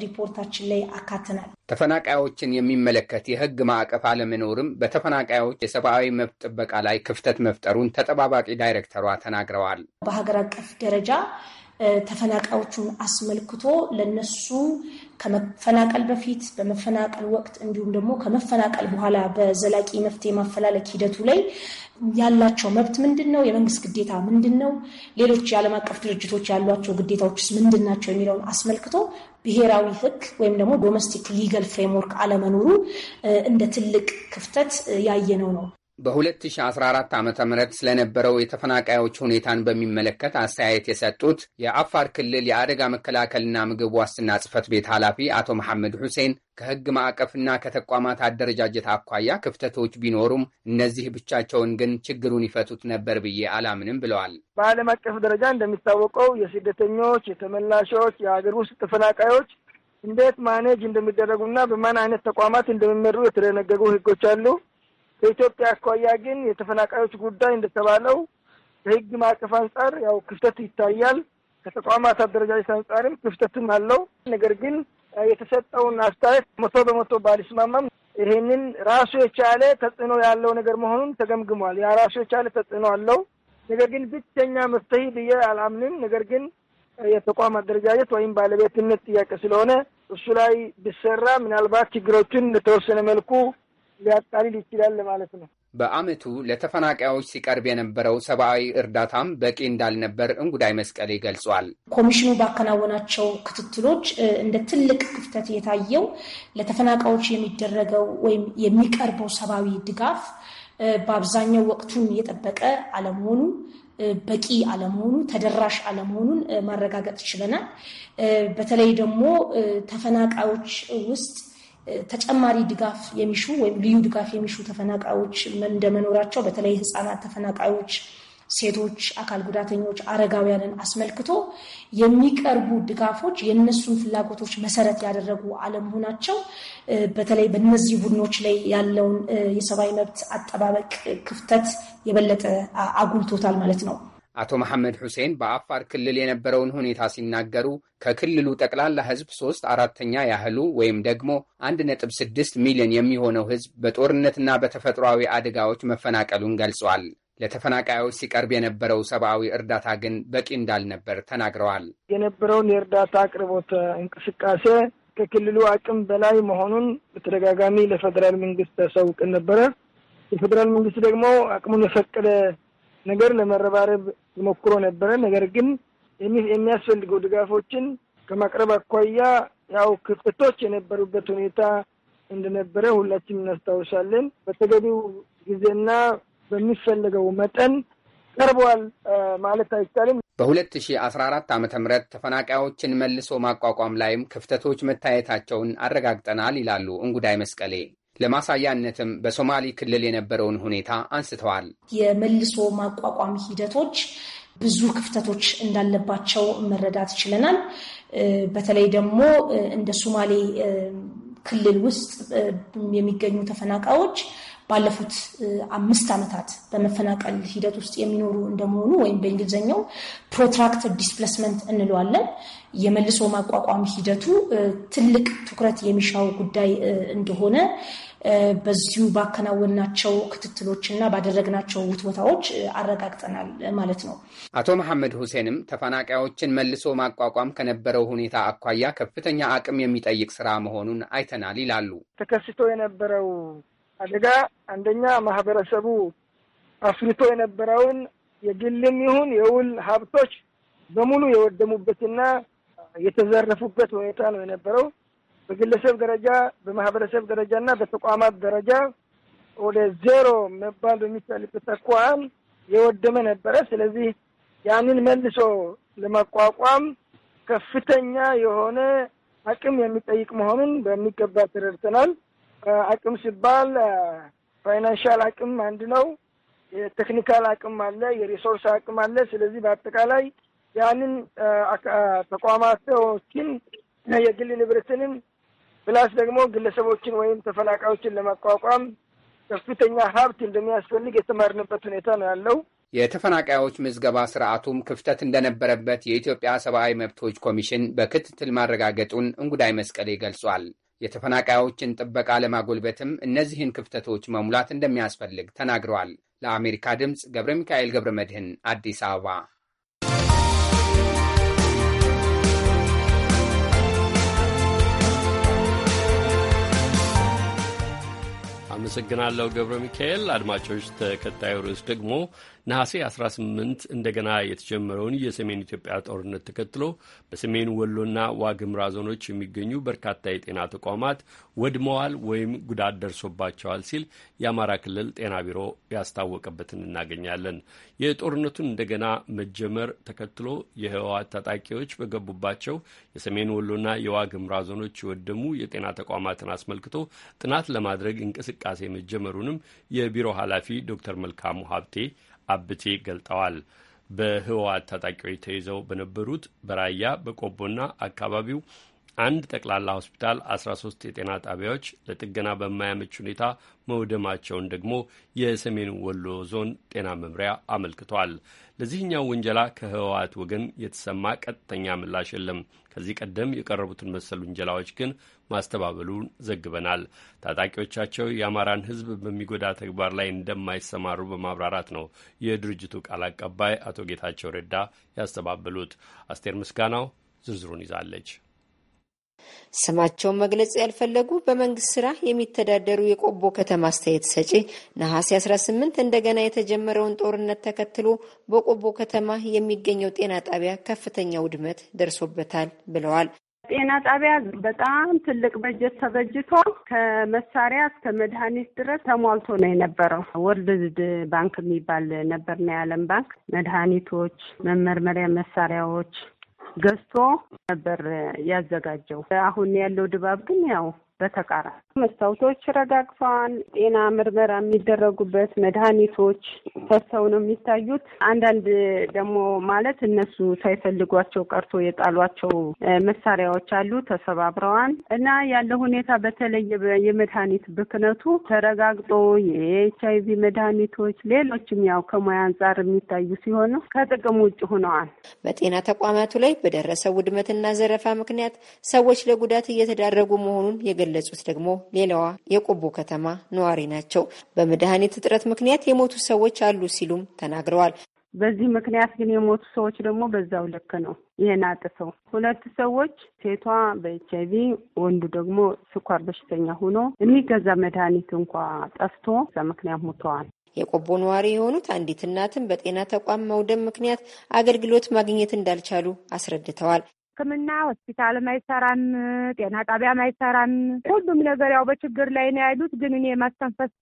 ሪፖርታችን ላይ አካትናል። ተፈናቃዮችን የሚመለከት የሕግ ማዕቀፍ አለመኖርም በተፈናቃዮች የሰብአዊ መብት ጥበቃ ላይ ክፍተት መፍጠሩን ተጠባባቂ ዳይሬክተሯ ተናግረዋል። በሀገር አቀፍ ደረጃ ተፈናቃዮቹን አስመልክቶ ለነሱ ከመፈናቀል በፊት በመፈናቀል ወቅት እንዲሁም ደግሞ ከመፈናቀል በኋላ በዘላቂ መፍትሄ ማፈላለግ ሂደቱ ላይ ያላቸው መብት ምንድን ነው? የመንግስት ግዴታ ምንድን ነው? ሌሎች የዓለም አቀፍ ድርጅቶች ያሏቸው ግዴታዎችስ ምንድን ናቸው? የሚለውን አስመልክቶ ብሔራዊ ሕግ ወይም ደግሞ ዶሜስቲክ ሊጋል ፍሬምወርክ አለመኖሩ እንደ ትልቅ ክፍተት ያየነው ነው። በ2014 ዓ ም ስለነበረው የተፈናቃዮች ሁኔታን በሚመለከት አስተያየት የሰጡት የአፋር ክልል የአደጋ መከላከልና ምግብ ዋስትና ጽህፈት ቤት ኃላፊ አቶ መሐመድ ሁሴን ከህግ ማዕቀፍና ከተቋማት አደረጃጀት አኳያ ክፍተቶች ቢኖሩም እነዚህ ብቻቸውን ግን ችግሩን ይፈቱት ነበር ብዬ አላምንም ብለዋል። በዓለም አቀፍ ደረጃ እንደሚታወቀው የስደተኞች፣ የተመላሾች፣ የሀገር ውስጥ ተፈናቃዮች እንዴት ማኔጅ እንደሚደረጉና በማን አይነት ተቋማት እንደሚመሩ የተደነገጉ ህጎች አሉ። በኢትዮጵያ አኳያ ግን የተፈናቃዮች ጉዳይ እንደተባለው ከህግ ማዕቀፍ አንጻር ያው ክፍተት ይታያል። ከተቋማት አደረጃጀት አንጻርም ክፍተትም አለው። ነገር ግን የተሰጠውን አስተያየት መቶ በመቶ ባልስማማም ይሄንን ራሱ የቻለ ተጽዕኖ ያለው ነገር መሆኑን ተገምግሟል። ያ ራሱ የቻለ ተጽዕኖ አለው። ነገር ግን ብቸኛ መፍትሄ ብዬ አላምንም። ነገር ግን የተቋም አደረጃጀት ወይም ባለቤትነት ጥያቄ ስለሆነ እሱ ላይ ቢሰራ ምናልባት ችግሮችን በተወሰነ መልኩ ሊያጣልል ይችላል ማለት ነው። በአመቱ ለተፈናቃዮች ሲቀርብ የነበረው ሰብአዊ እርዳታም በቂ እንዳልነበር እንጉዳይ መስቀሌ ገልጿል። ኮሚሽኑ ባከናወናቸው ክትትሎች እንደ ትልቅ ክፍተት የታየው ለተፈናቃዮች የሚደረገው ወይም የሚቀርበው ሰብአዊ ድጋፍ በአብዛኛው ወቅቱን የጠበቀ አለመሆኑ በቂ አለመሆኑ ተደራሽ አለመሆኑን ማረጋገጥ ችለናል። በተለይ ደግሞ ተፈናቃዮች ውስጥ ተጨማሪ ድጋፍ የሚሹ ወይም ልዩ ድጋፍ የሚሹ ተፈናቃዮች እንደመኖራቸው በተለይ ህፃናት ተፈናቃዮች፣ ሴቶች፣ አካል ጉዳተኞች፣ አረጋውያንን አስመልክቶ የሚቀርቡ ድጋፎች የእነሱን ፍላጎቶች መሰረት ያደረጉ አለመሆናቸው በተለይ በእነዚህ ቡድኖች ላይ ያለውን የሰብአዊ መብት አጠባበቅ ክፍተት የበለጠ አጉልቶታል ማለት ነው። አቶ መሐመድ ሁሴን በአፋር ክልል የነበረውን ሁኔታ ሲናገሩ ከክልሉ ጠቅላላ ሕዝብ ሶስት አራተኛ ያህሉ ወይም ደግሞ 1.6 ሚሊዮን የሚሆነው ሕዝብ በጦርነትና በተፈጥሯዊ አደጋዎች መፈናቀሉን ገልጿል። ለተፈናቃዮች ሲቀርብ የነበረው ሰብአዊ እርዳታ ግን በቂ እንዳልነበር ተናግረዋል። የነበረውን የእርዳታ አቅርቦት እንቅስቃሴ ከክልሉ አቅም በላይ መሆኑን በተደጋጋሚ ለፌዴራል መንግስት ተሳውቀን ነበረ። የፌዴራል መንግስት ደግሞ አቅሙን የፈቀደ ነገር ለመረባረብ ሞክሮ ነበረ። ነገር ግን የሚያስፈልገው ድጋፎችን ከማቅረብ አኳያ ያው ክፍተቶች የነበሩበት ሁኔታ እንደነበረ ሁላችን እናስታውሳለን። በተገቢው ጊዜና በሚፈለገው መጠን ቀርበዋል ማለት አይቻልም። በ2014 ዓ ም ተፈናቃዮችን መልሶ ማቋቋም ላይም ክፍተቶች መታየታቸውን አረጋግጠናል ይላሉ እንጉዳይ መስቀሌ። ለማሳያነትም በሶማሌ ክልል የነበረውን ሁኔታ አንስተዋል። የመልሶ ማቋቋም ሂደቶች ብዙ ክፍተቶች እንዳለባቸው መረዳት ችለናል። በተለይ ደግሞ እንደ ሶማሌ ክልል ውስጥ የሚገኙ ተፈናቃዮች ባለፉት አምስት ዓመታት በመፈናቀል ሂደት ውስጥ የሚኖሩ እንደመሆኑ ወይም በእንግሊዝኛው ፕሮትራክትድ ዲስፕሌስመንት እንለዋለን። የመልሶ ማቋቋም ሂደቱ ትልቅ ትኩረት የሚሻው ጉዳይ እንደሆነ በዚሁ ባከናወናቸው ክትትሎችና ባደረግናቸው ውትወታዎች አረጋግጠናል ማለት ነው። አቶ መሐመድ ሁሴንም ተፈናቃዮችን መልሶ ማቋቋም ከነበረው ሁኔታ አኳያ ከፍተኛ አቅም የሚጠይቅ ስራ መሆኑን አይተናል ይላሉ። ተከስቶ የነበረው አደጋ አንደኛ ማህበረሰቡ አፍርቶ የነበረውን የግልም ይሁን የውል ሀብቶች በሙሉ የወደሙበትና የተዘረፉበት ሁኔታ ነው የነበረው። በግለሰብ ደረጃ በማህበረሰብ ደረጃ እና በተቋማት ደረጃ ወደ ዜሮ መባል በሚቻልበት ተቋም የወደመ ነበረ። ስለዚህ ያንን መልሶ ለማቋቋም ከፍተኛ የሆነ አቅም የሚጠይቅ መሆኑን በሚገባ ተረድተናል። አቅም ሲባል ፋይናንሻል አቅም አንድ ነው። የቴክኒካል አቅም አለ፣ የሪሶርስ አቅም አለ። ስለዚህ በአጠቃላይ ያንን ተቋማቶችን የግል ንብረትንም ፕላስ ደግሞ ግለሰቦችን ወይም ተፈናቃዮችን ለማቋቋም ከፍተኛ ሀብት እንደሚያስፈልግ የተማርንበት ሁኔታ ነው ያለው። የተፈናቃዮች ምዝገባ ስርዓቱም ክፍተት እንደነበረበት የኢትዮጵያ ሰብአዊ መብቶች ኮሚሽን በክትትል ማረጋገጡን እንጉዳይ መስቀሌ ገልጿል። የተፈናቃዮችን ጥበቃ ለማጎልበትም እነዚህን ክፍተቶች መሙላት እንደሚያስፈልግ ተናግረዋል። ለአሜሪካ ድምፅ ገብረ ሚካኤል ገብረ መድህን አዲስ አበባ አመሰግናለሁ ገብረ ሚካኤል። አድማጮች፣ ተከታዩ ርዕስ ደግሞ ነሐሴ 18 እንደገና የተጀመረውን የሰሜን ኢትዮጵያ ጦርነት ተከትሎ በሰሜን ወሎና ዋግምራ ዞኖች የሚገኙ በርካታ የጤና ተቋማት ወድመዋል ወይም ጉዳት ደርሶባቸዋል ሲል የአማራ ክልል ጤና ቢሮ ያስታወቀበትን እናገኛለን። የጦርነቱን እንደገና መጀመር ተከትሎ የህወሓት ታጣቂዎች በገቡባቸው የሰሜን ወሎና የዋግምራ ዞኖች የወደሙ የጤና ተቋማትን አስመልክቶ ጥናት ለማድረግ እንቅስቃሴ መጀመሩንም የቢሮ ኃላፊ ዶክተር መልካሙ ሀብቴ አብቴ ገልጠዋል። በህወሓት ታጣቂዎች ተይዘው በነበሩት በራያ በቆቦና አካባቢው አንድ ጠቅላላ ሆስፒታል 13 የጤና ጣቢያዎች ለጥገና በማያመች ሁኔታ መውደማቸውን ደግሞ የሰሜን ወሎ ዞን ጤና መምሪያ አመልክቷል። ለዚህኛው ውንጀላ ከህወሓት ወገን የተሰማ ቀጥተኛ ምላሽ የለም። ከዚህ ቀደም የቀረቡትን መሰል ውንጀላዎች ግን ማስተባበሉን ዘግበናል። ታጣቂዎቻቸው የአማራን ህዝብ በሚጎዳ ተግባር ላይ እንደማይሰማሩ በማብራራት ነው የድርጅቱ ቃል አቀባይ አቶ ጌታቸው ረዳ ያስተባበሉት። አስቴር ምስጋናው ዝርዝሩን ይዛለች። ስማቸውን መግለጽ ያልፈለጉ በመንግስት ስራ የሚተዳደሩ የቆቦ ከተማ አስተያየት ሰጪ ነሐሴ 18 እንደገና የተጀመረውን ጦርነት ተከትሎ በቆቦ ከተማ የሚገኘው ጤና ጣቢያ ከፍተኛ ውድመት ደርሶበታል ብለዋል። ጤና ጣቢያ በጣም ትልቅ በጀት ተበጅቶ ከመሳሪያ እስከ መድኃኒት ድረስ ተሟልቶ ነው የነበረው። ወርልድ ባንክ የሚባል ነበር እና የዓለም ባንክ መድኃኒቶች፣ መመርመሪያ መሳሪያዎች ገዝቶ ነበር ያዘጋጀው። አሁን ያለው ድባብ ግን ያው በተቃራኒ መስታወቶች ረጋግፈዋል። ጤና ምርመራ የሚደረጉበት መድኃኒቶች ፈሰው ነው የሚታዩት። አንዳንድ ደግሞ ማለት እነሱ ሳይፈልጓቸው ቀርቶ የጣሏቸው መሳሪያዎች አሉ፣ ተሰባብረዋል እና ያለ ሁኔታ በተለይ የመድኃኒት ብክነቱ ተረጋግጦ የኤች አይቪ መድኃኒቶች፣ ሌሎችም ያው ከሙያ አንጻር የሚታዩ ሲሆኑ ከጥቅም ውጭ ሆነዋል። በጤና ተቋማቱ ላይ በደረሰው ውድመትና ዘረፋ ምክንያት ሰዎች ለጉዳት እየተዳረጉ መሆኑን የገለ የገለጹት ደግሞ ሌላዋ የቆቦ ከተማ ነዋሪ ናቸው። በመድኃኒት እጥረት ምክንያት የሞቱ ሰዎች አሉ ሲሉም ተናግረዋል። በዚህ ምክንያት ግን የሞቱ ሰዎች ደግሞ በዛው ልክ ነው። ይህን አጥተው ሁለት ሰዎች ሴቷ በኤች አይቪ ወንዱ ደግሞ ስኳር በሽተኛ ሆኖ የሚገዛ መድኃኒት እንኳ ጠፍቶ እዛ ምክንያት ሙተዋል። የቆቦ ነዋሪ የሆኑት አንዲት እናትም በጤና ተቋም መውደም ምክንያት አገልግሎት ማግኘት እንዳልቻሉ አስረድተዋል። ሕክምና ሆስፒታልም አይሰራም፣ ጤና ጣቢያም አይሰራም። ሁሉም ነገር ያው በችግር ላይ ነው ያሉት። ግን እኔ ማስተንፈስ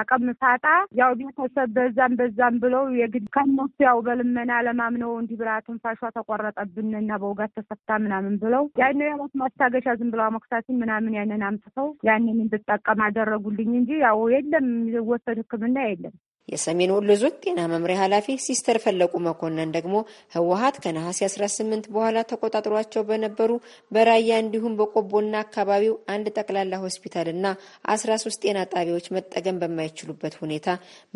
አቅም ሳጣ ያው ቤተሰብ በዛም በዛም ብለው የግድ ከነሱ ያው በልመና ለማም ነው እንዲህ ብላ ትንፋሿ ተቆረጠብን ተቆረጠብንና በውጋት ተሰፍታ ምናምን ብለው ያን ያሉት ማስታገሻ ዝም ብለው አሞክሳሲን ምናምን ያንን አምጥተው ያንን እንድጠቀም አደረጉልኝ እንጂ ያው የለም የሚወሰድ ሕክምና የለም። የሰሜን ወሎ ዞን ጤና መምሪያ ኃላፊ ሲስተር ፈለቁ መኮንን ደግሞ ህወሀት ከነሐሴ 18 በኋላ ተቆጣጥሯቸው በነበሩ በራያ እንዲሁም በቆቦና አካባቢው አንድ ጠቅላላ ሆስፒታልና 13 ጤና ጣቢያዎች መጠገም በማይችሉበት ሁኔታ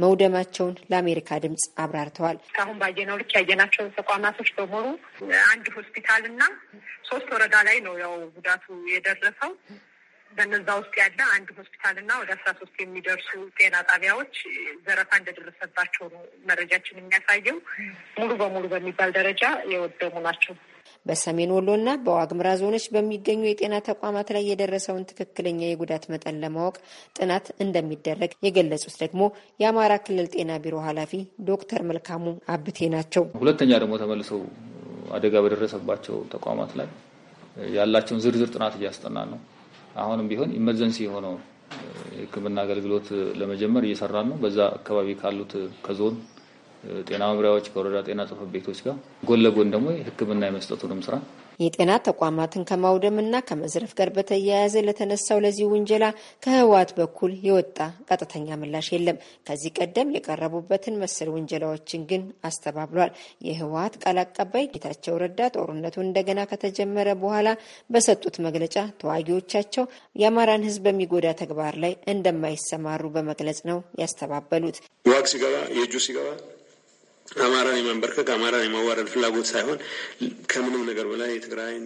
መውደማቸውን ለአሜሪካ ድምጽ አብራርተዋል። እስካሁን ባየነው ልክ ያየናቸው ተቋማቶች በሙሉ አንድ ሆስፒታልና ሶስት ወረዳ ላይ ነው ያው ጉዳቱ የደረሰው። በነዛ ውስጥ ያለ አንድ ሆስፒታል እና ወደ አስራ ሶስት የሚደርሱ ጤና ጣቢያዎች ዘረፋ እንደደረሰባቸው ነው መረጃችን የሚያሳየው። ሙሉ በሙሉ በሚባል ደረጃ የወደሙ ናቸው። በሰሜን ወሎ እና በዋግምራ ዞኖች በሚገኙ የጤና ተቋማት ላይ የደረሰውን ትክክለኛ የጉዳት መጠን ለማወቅ ጥናት እንደሚደረግ የገለጹት ደግሞ የአማራ ክልል ጤና ቢሮ ኃላፊ ዶክተር መልካሙ አብቴ ናቸው። ሁለተኛ ደግሞ ተመልሰው አደጋ በደረሰባቸው ተቋማት ላይ ያላቸውን ዝርዝር ጥናት እያስጠና ነው አሁንም ቢሆን ኢመርጀንሲ የሆነው የሕክምና አገልግሎት ለመጀመር እየሰራን ነው። በዛ አካባቢ ካሉት ከዞን ጤና መምሪያዎች ከወረዳ ጤና ጽሕፈት ቤቶች ጋር ጎን ለጎን ደግሞ ሕክምና የመስጠቱንም ስራ የጤና ተቋማትን ከማውደምና ከመዝረፍ ጋር በተያያዘ ለተነሳው ለዚህ ውንጀላ ከህወሓት በኩል የወጣ ቀጥተኛ ምላሽ የለም። ከዚህ ቀደም የቀረቡበትን መሰል ውንጀላዎችን ግን አስተባብሏል። የህወሓት ቃል አቀባይ ጌታቸው ረዳ ጦርነቱ እንደገና ከተጀመረ በኋላ በሰጡት መግለጫ ተዋጊዎቻቸው የአማራን ህዝብ በሚጎዳ ተግባር ላይ እንደማይሰማሩ በመግለጽ ነው ያስተባበሉት። ዋግ ሲገባ የእጁ ሲገባ አማራን የማንበርከክ አማራን የማዋረድ ፍላጎት ሳይሆን ከምንም ነገር በላይ የትግራይን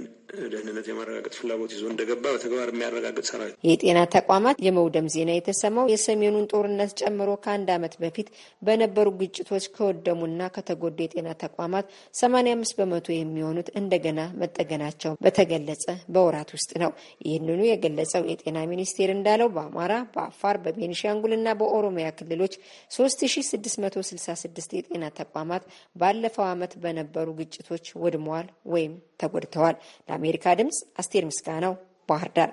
ደህንነት የማረጋገጥ ፍላጎት ይዞ እንደገባ በተግባር የሚያረጋግጥ ሰራዊት። የጤና ተቋማት የመውደም ዜና የተሰማው የሰሜኑን ጦርነት ጨምሮ ከአንድ ዓመት በፊት በነበሩ ግጭቶች ከወደሙና ከተጎዱ የጤና ተቋማት 85 በመቶ የሚሆኑት እንደገና መጠገናቸው በተገለጸ በወራት ውስጥ ነው። ይህንኑ የገለጸው የጤና ሚኒስቴር እንዳለው በአማራ፣ በአፋር፣ እና በኦሮሚያ ክልሎች 3666 የጤና ተቋማት ባለፈው ዓመት በነበሩ ግጭቶች ወድመዋል ወይም ተጎድተዋል። ለአሜሪካ ድምፅ አስቴር ምስጋናው ባህር ዳር።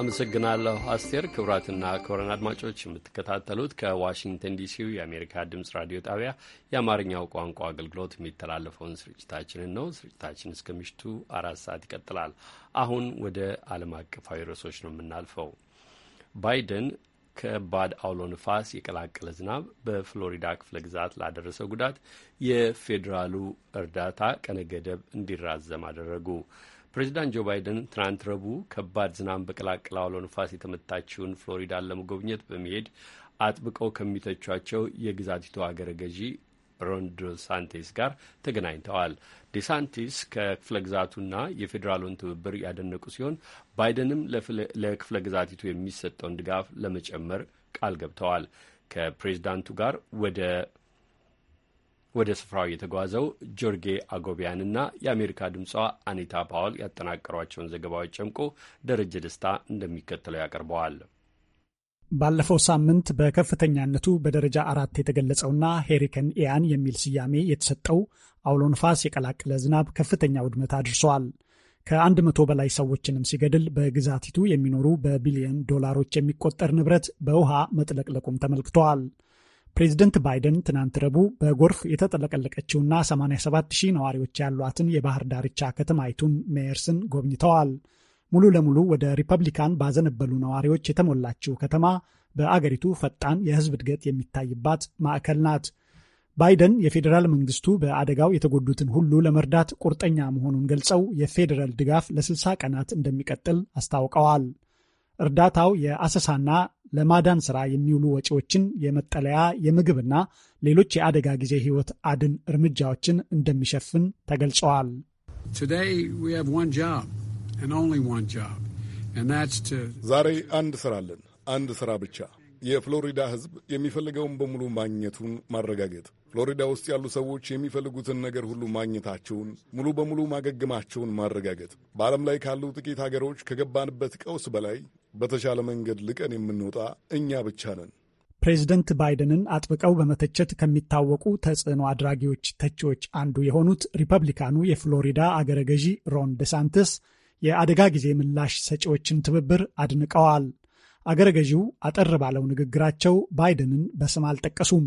አመሰግናለሁ አስቴር። ክቡራትና ክቡራን አድማጮች የምትከታተሉት ከዋሽንግተን ዲሲው የአሜሪካ ድምጽ ራዲዮ ጣቢያ የአማርኛው ቋንቋ አገልግሎት የሚተላለፈውን ስርጭታችንን ነው። ስርጭታችን እስከ ምሽቱ አራት ሰዓት ይቀጥላል። አሁን ወደ ዓለም አቀፋዊ ርዕሶች ነው የምናልፈው። ባይደን ከባድ አውሎ ንፋስ የቀላቀለ ዝናብ በፍሎሪዳ ክፍለ ግዛት ላደረሰው ጉዳት የፌዴራሉ እርዳታ ቀነ ገደብ እንዲራዘም አደረጉ። ፕሬዚዳንት ጆ ባይደን ትናንት ረቡዕ ከባድ ዝናብ በቀላቀለ አውሎ ንፋስ የተመታችውን ፍሎሪዳን ለመጎብኘት በመሄድ አጥብቀው ከሚተቿቸው የግዛቲቱ አገረ ገዢ ሮን ደሳንቲስ ጋር ተገናኝተዋል። ዲሳንቲስ ከክፍለ ግዛቱና የፌዴራሉን ትብብር ያደነቁ ሲሆን ባይደንም ለክፍለ ግዛቲቱ የሚሰጠውን ድጋፍ ለመጨመር ቃል ገብተዋል። ከፕሬዚዳንቱ ጋር ወደ ወደ ስፍራው የተጓዘው ጆርጌ አጎቢያንና የአሜሪካ ድምጿ አኒታ ፓውል ያጠናቀሯቸውን ዘገባዎች ጨምቆ ደረጀ ደስታ እንደሚከተለው ያቀርበዋል። ባለፈው ሳምንት በከፍተኛነቱ በደረጃ አራት የተገለጸውና ሄሪከን ኢያን የሚል ስያሜ የተሰጠው አውሎ ንፋስ የቀላቀለ ዝናብ ከፍተኛ ውድመት አድርሰዋል። ከአንድ መቶ በላይ ሰዎችንም ሲገድል በግዛቲቱ የሚኖሩ በቢሊዮን ዶላሮች የሚቆጠር ንብረት በውሃ መጥለቅለቁም ተመልክተዋል። ፕሬዚደንት ባይደን ትናንት ረቡዕ በጎርፍ የተጠለቀለቀችውና 87 ሺህ ነዋሪዎች ያሏትን የባህር ዳርቻ ከተማይቱን ሜየርስን ጎብኝተዋል። ሙሉ ለሙሉ ወደ ሪፐብሊካን ባዘነበሉ ነዋሪዎች የተሞላችው ከተማ በአገሪቱ ፈጣን የህዝብ እድገት የሚታይባት ማዕከል ናት። ባይደን የፌዴራል መንግስቱ በአደጋው የተጎዱትን ሁሉ ለመርዳት ቁርጠኛ መሆኑን ገልጸው የፌዴራል ድጋፍ ለ60 ቀናት እንደሚቀጥል አስታውቀዋል። እርዳታው የአሰሳና ለማዳን ሥራ የሚውሉ ወጪዎችን፣ የመጠለያ፣ የምግብና ሌሎች የአደጋ ጊዜ ህይወት አድን እርምጃዎችን እንደሚሸፍን ተገልጸዋል። Today ዛሬ አንድ ስራ አለን፣ አንድ ስራ ብቻ። የፍሎሪዳ ሕዝብ የሚፈልገውን በሙሉ ማግኘቱን ማረጋገጥ፣ ፍሎሪዳ ውስጥ ያሉ ሰዎች የሚፈልጉትን ነገር ሁሉ ማግኘታቸውን፣ ሙሉ በሙሉ ማገግማቸውን ማረጋገጥ። በዓለም ላይ ካሉ ጥቂት አገሮች ከገባንበት ቀውስ በላይ በተሻለ መንገድ ልቀን የምንወጣ እኛ ብቻ ነን። ፕሬዚደንት ባይደንን አጥብቀው በመተቸት ከሚታወቁ ተጽዕኖ አድራጊዎች ተቺዎች አንዱ የሆኑት ሪፐብሊካኑ የፍሎሪዳ አገረ ገዢ ሮን ደሳንትስ የአደጋ ጊዜ ምላሽ ሰጪዎችን ትብብር አድንቀዋል። አገረ ገዢው አጠር ባለው ንግግራቸው ባይደንን በስም አልጠቀሱም።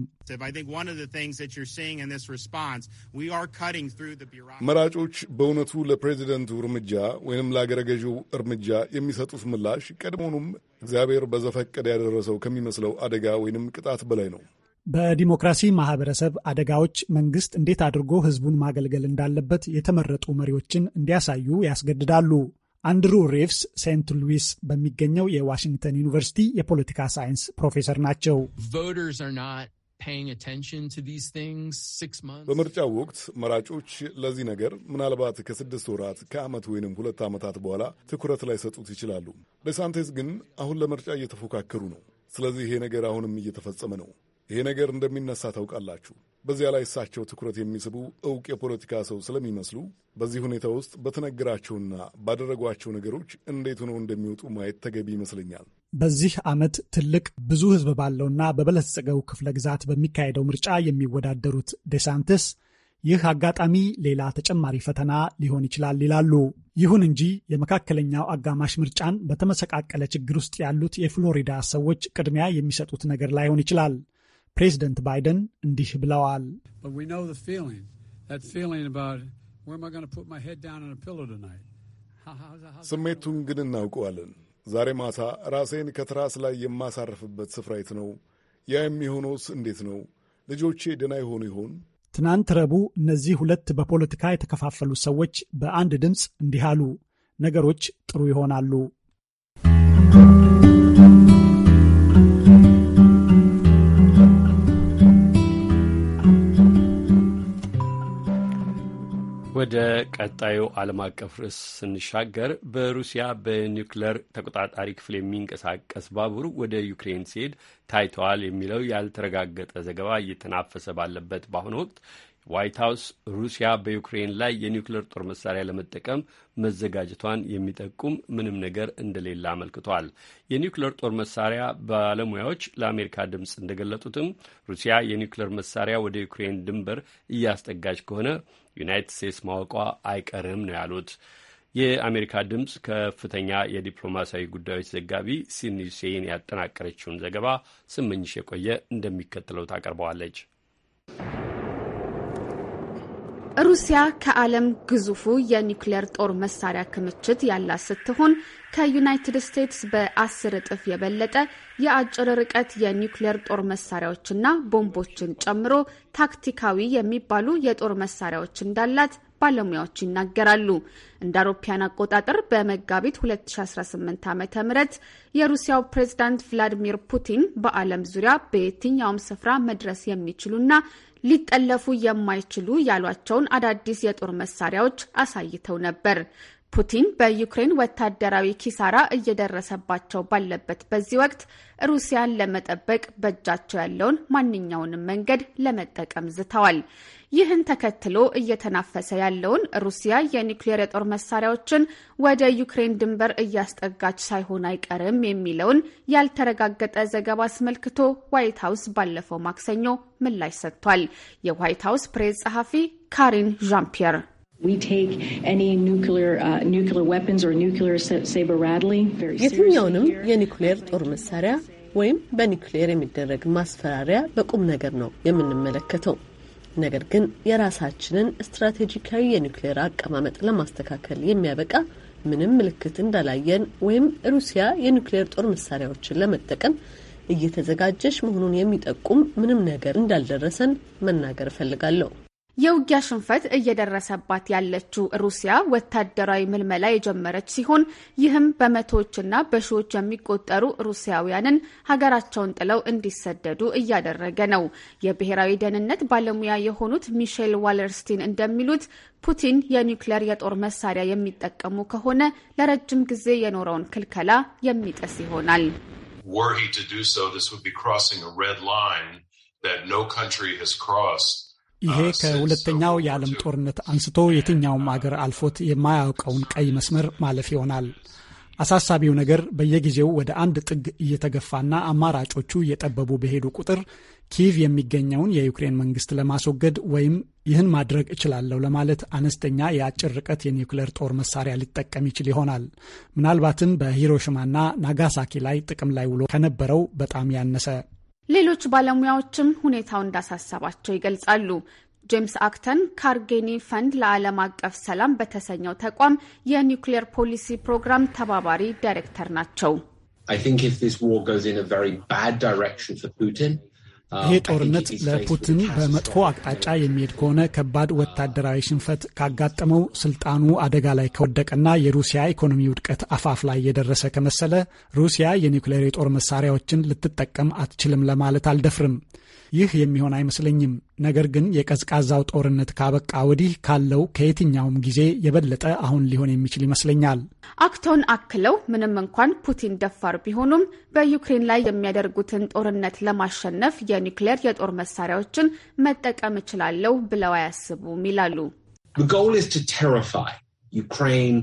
መራጮች በእውነቱ ለፕሬዚደንቱ እርምጃ ወይም ለአገረ ገዢው እርምጃ የሚሰጡት ምላሽ ቀድሞኑም እግዚአብሔር በዘፈቀደ ያደረሰው ከሚመስለው አደጋ ወይንም ቅጣት በላይ ነው። በዲሞክራሲ ማህበረሰብ አደጋዎች መንግስት እንዴት አድርጎ ህዝቡን ማገልገል እንዳለበት የተመረጡ መሪዎችን እንዲያሳዩ ያስገድዳሉ። አንድሩ ሬቭስ ሴንት ሉዊስ በሚገኘው የዋሽንግተን ዩኒቨርሲቲ የፖለቲካ ሳይንስ ፕሮፌሰር ናቸው። በምርጫው ወቅት መራጮች ለዚህ ነገር ምናልባት ከስድስት ወራት ከዓመት ወይንም ሁለት ዓመታት በኋላ ትኩረት ሰጡት ይችላሉ። ደሳንቴስ ግን አሁን ለምርጫ እየተፎካከሩ ነው። ስለዚህ ይሄ ነገር አሁንም እየተፈጸመ ነው። ይሄ ነገር እንደሚነሳ ታውቃላችሁ። በዚያ ላይ እሳቸው ትኩረት የሚስቡ እውቅ የፖለቲካ ሰው ስለሚመስሉ በዚህ ሁኔታ ውስጥ በተነገራቸውና ባደረጓቸው ነገሮች እንዴት ሆነው እንደሚወጡ ማየት ተገቢ ይመስለኛል። በዚህ ዓመት ትልቅ ብዙ ሕዝብ ባለውና በበለጸገው ክፍለ ግዛት በሚካሄደው ምርጫ የሚወዳደሩት ዴሳንትስ ይህ አጋጣሚ ሌላ ተጨማሪ ፈተና ሊሆን ይችላል ይላሉ። ይሁን እንጂ የመካከለኛው አጋማሽ ምርጫን በተመሰቃቀለ ችግር ውስጥ ያሉት የፍሎሪዳ ሰዎች ቅድሚያ የሚሰጡት ነገር ላይሆን ይችላል። ፕሬዚደንት ባይደን እንዲህ ብለዋል። ስሜቱን ግን እናውቀዋለን። ዛሬ ማታ ራሴን ከትራስ ላይ የማሳርፍበት ስፍራ የት ነው? ያ የሚሆነውስ እንዴት ነው? ልጆቼ ደህና የሆኑ ይሆን? ትናንት ረቡዕ እነዚህ ሁለት በፖለቲካ የተከፋፈሉ ሰዎች በአንድ ድምፅ እንዲህ አሉ፣ ነገሮች ጥሩ ይሆናሉ ወደ ቀጣዩ ዓለም አቀፍ ርዕስ ስንሻገር በሩሲያ በኒውክለር ተቆጣጣሪ ክፍል የሚንቀሳቀስ ባቡር ወደ ዩክሬን ሲሄድ ታይተዋል የሚለው ያልተረጋገጠ ዘገባ እየተናፈሰ ባለበት በአሁኑ ወቅት ዋይት ሀውስ ሩሲያ በዩክሬን ላይ የኒውክሌር ጦር መሳሪያ ለመጠቀም መዘጋጀቷን የሚጠቁም ምንም ነገር እንደሌለ አመልክቷል። የኒውክሌር ጦር መሳሪያ ባለሙያዎች ለአሜሪካ ድምፅ እንደገለጡትም ሩሲያ የኒውክሌር መሳሪያ ወደ ዩክሬን ድንበር እያስጠጋች ከሆነ ዩናይትድ ስቴትስ ማወቋ አይቀርም ነው ያሉት። የአሜሪካ ድምፅ ከፍተኛ የዲፕሎማሲያዊ ጉዳዮች ዘጋቢ ሲድኒ ሴይን ያጠናቀረችውን ዘገባ ስመኝሽ የቆየ እንደሚከተለው ታቀርበዋለች። ሩሲያ ከዓለም ግዙፉ የኒውክሌር ጦር መሳሪያ ክምችት ያላት ስትሆን ከዩናይትድ ስቴትስ በአስር እጥፍ የበለጠ የአጭር ርቀት የኒውክሌር ጦር መሳሪያዎችና ቦምቦችን ጨምሮ ታክቲካዊ የሚባሉ የጦር መሳሪያዎች እንዳላት ባለሙያዎች ይናገራሉ። እንደ አውሮፓያን አቆጣጠር በመጋቢት 2018 ዓ ም የሩሲያው ፕሬዝዳንት ቭላዲሚር ፑቲን በዓለም ዙሪያ በየትኛውም ስፍራ መድረስ የሚችሉና ሊጠለፉ የማይችሉ ያሏቸውን አዳዲስ የጦር መሳሪያዎች አሳይተው ነበር። ፑቲን በዩክሬን ወታደራዊ ኪሳራ እየደረሰባቸው ባለበት በዚህ ወቅት ሩሲያን ለመጠበቅ በእጃቸው ያለውን ማንኛውንም መንገድ ለመጠቀም ዝተዋል። ይህን ተከትሎ እየተናፈሰ ያለውን ሩሲያ የኒውክሌር የጦር መሳሪያዎችን ወደ ዩክሬን ድንበር እያስጠጋች ሳይሆን አይቀርም የሚለውን ያልተረጋገጠ ዘገባ አስመልክቶ ዋይት ሀውስ ባለፈው ማክሰኞ ምላሽ ሰጥቷል። የዋይት ሀውስ ፕሬስ ጸሐፊ ካሪን ዣምፒየር uh, የትኛውንም የኒውክሌር ጦር መሳሪያ ወይም በኒውክሌር የሚደረግ ማስፈራሪያ በቁም ነገር ነው የምንመለከተው። ነገር ግን የራሳችንን ስትራቴጂካዊ የኒውክሌር አቀማመጥ ለማስተካከል የሚያበቃ ምንም ምልክት እንዳላየን ወይም ሩሲያ የኒውክሌር ጦር መሳሪያዎችን ለመጠቀም እየተዘጋጀች መሆኑን የሚጠቁም ምንም ነገር እንዳልደረሰን መናገር እፈልጋለሁ። የውጊያ ሽንፈት እየደረሰባት ያለችው ሩሲያ ወታደራዊ ምልመላ የጀመረች ሲሆን ይህም በመቶዎችና በሺዎች የሚቆጠሩ ሩሲያውያንን ሀገራቸውን ጥለው እንዲሰደዱ እያደረገ ነው። የብሔራዊ ደህንነት ባለሙያ የሆኑት ሚሼል ዋለርስቲን እንደሚሉት ፑቲን የኒውክሌር የጦር መሳሪያ የሚጠቀሙ ከሆነ ለረጅም ጊዜ የኖረውን ክልከላ የሚጥስ ይሆናል። Were he to do so, this would be crossing a red line that no country has crossed. ይሄ ከሁለተኛው የዓለም ጦርነት አንስቶ የትኛውም አገር አልፎት የማያውቀውን ቀይ መስመር ማለፍ ይሆናል። አሳሳቢው ነገር በየጊዜው ወደ አንድ ጥግ እየተገፋና አማራጮቹ እየጠበቡ በሄዱ ቁጥር ኪቭ የሚገኘውን የዩክሬን መንግስት ለማስወገድ ወይም ይህን ማድረግ እችላለሁ ለማለት አነስተኛ የአጭር ርቀት የኒውክሌር ጦር መሳሪያ ሊጠቀም ይችል ይሆናል። ምናልባትም በሂሮሽማና ናጋሳኪ ላይ ጥቅም ላይ ውሎ ከነበረው በጣም ያነሰ ሌሎች ባለሙያዎችም ሁኔታው እንዳሳሰባቸው ይገልጻሉ። ጄምስ አክተን ካርጌኒ ፈንድ ለዓለም አቀፍ ሰላም በተሰኘው ተቋም የኒውክሌር ፖሊሲ ፕሮግራም ተባባሪ ዳይሬክተር ናቸው። ይሄ ጦርነት ለፑቲን በመጥፎ አቅጣጫ የሚሄድ ከሆነ ከባድ ወታደራዊ ሽንፈት ካጋጠመው፣ ስልጣኑ አደጋ ላይ ከወደቀና የሩሲያ ኢኮኖሚ ውድቀት አፋፍ ላይ የደረሰ ከመሰለ ሩሲያ የኒውክሌር የጦር መሳሪያዎችን ልትጠቀም አትችልም ለማለት አልደፍርም። ይህ የሚሆን አይመስለኝም። ነገር ግን የቀዝቃዛው ጦርነት ካበቃ ወዲህ ካለው ከየትኛውም ጊዜ የበለጠ አሁን ሊሆን የሚችል ይመስለኛል። አክቶን አክለው ምንም እንኳን ፑቲን ደፋር ቢሆኑም በዩክሬን ላይ የሚያደርጉትን ጦርነት ለማሸነፍ የኒውክሌር የጦር መሳሪያዎችን መጠቀም እችላለሁ ብለው አያስቡም ይላሉ። ዩክሬን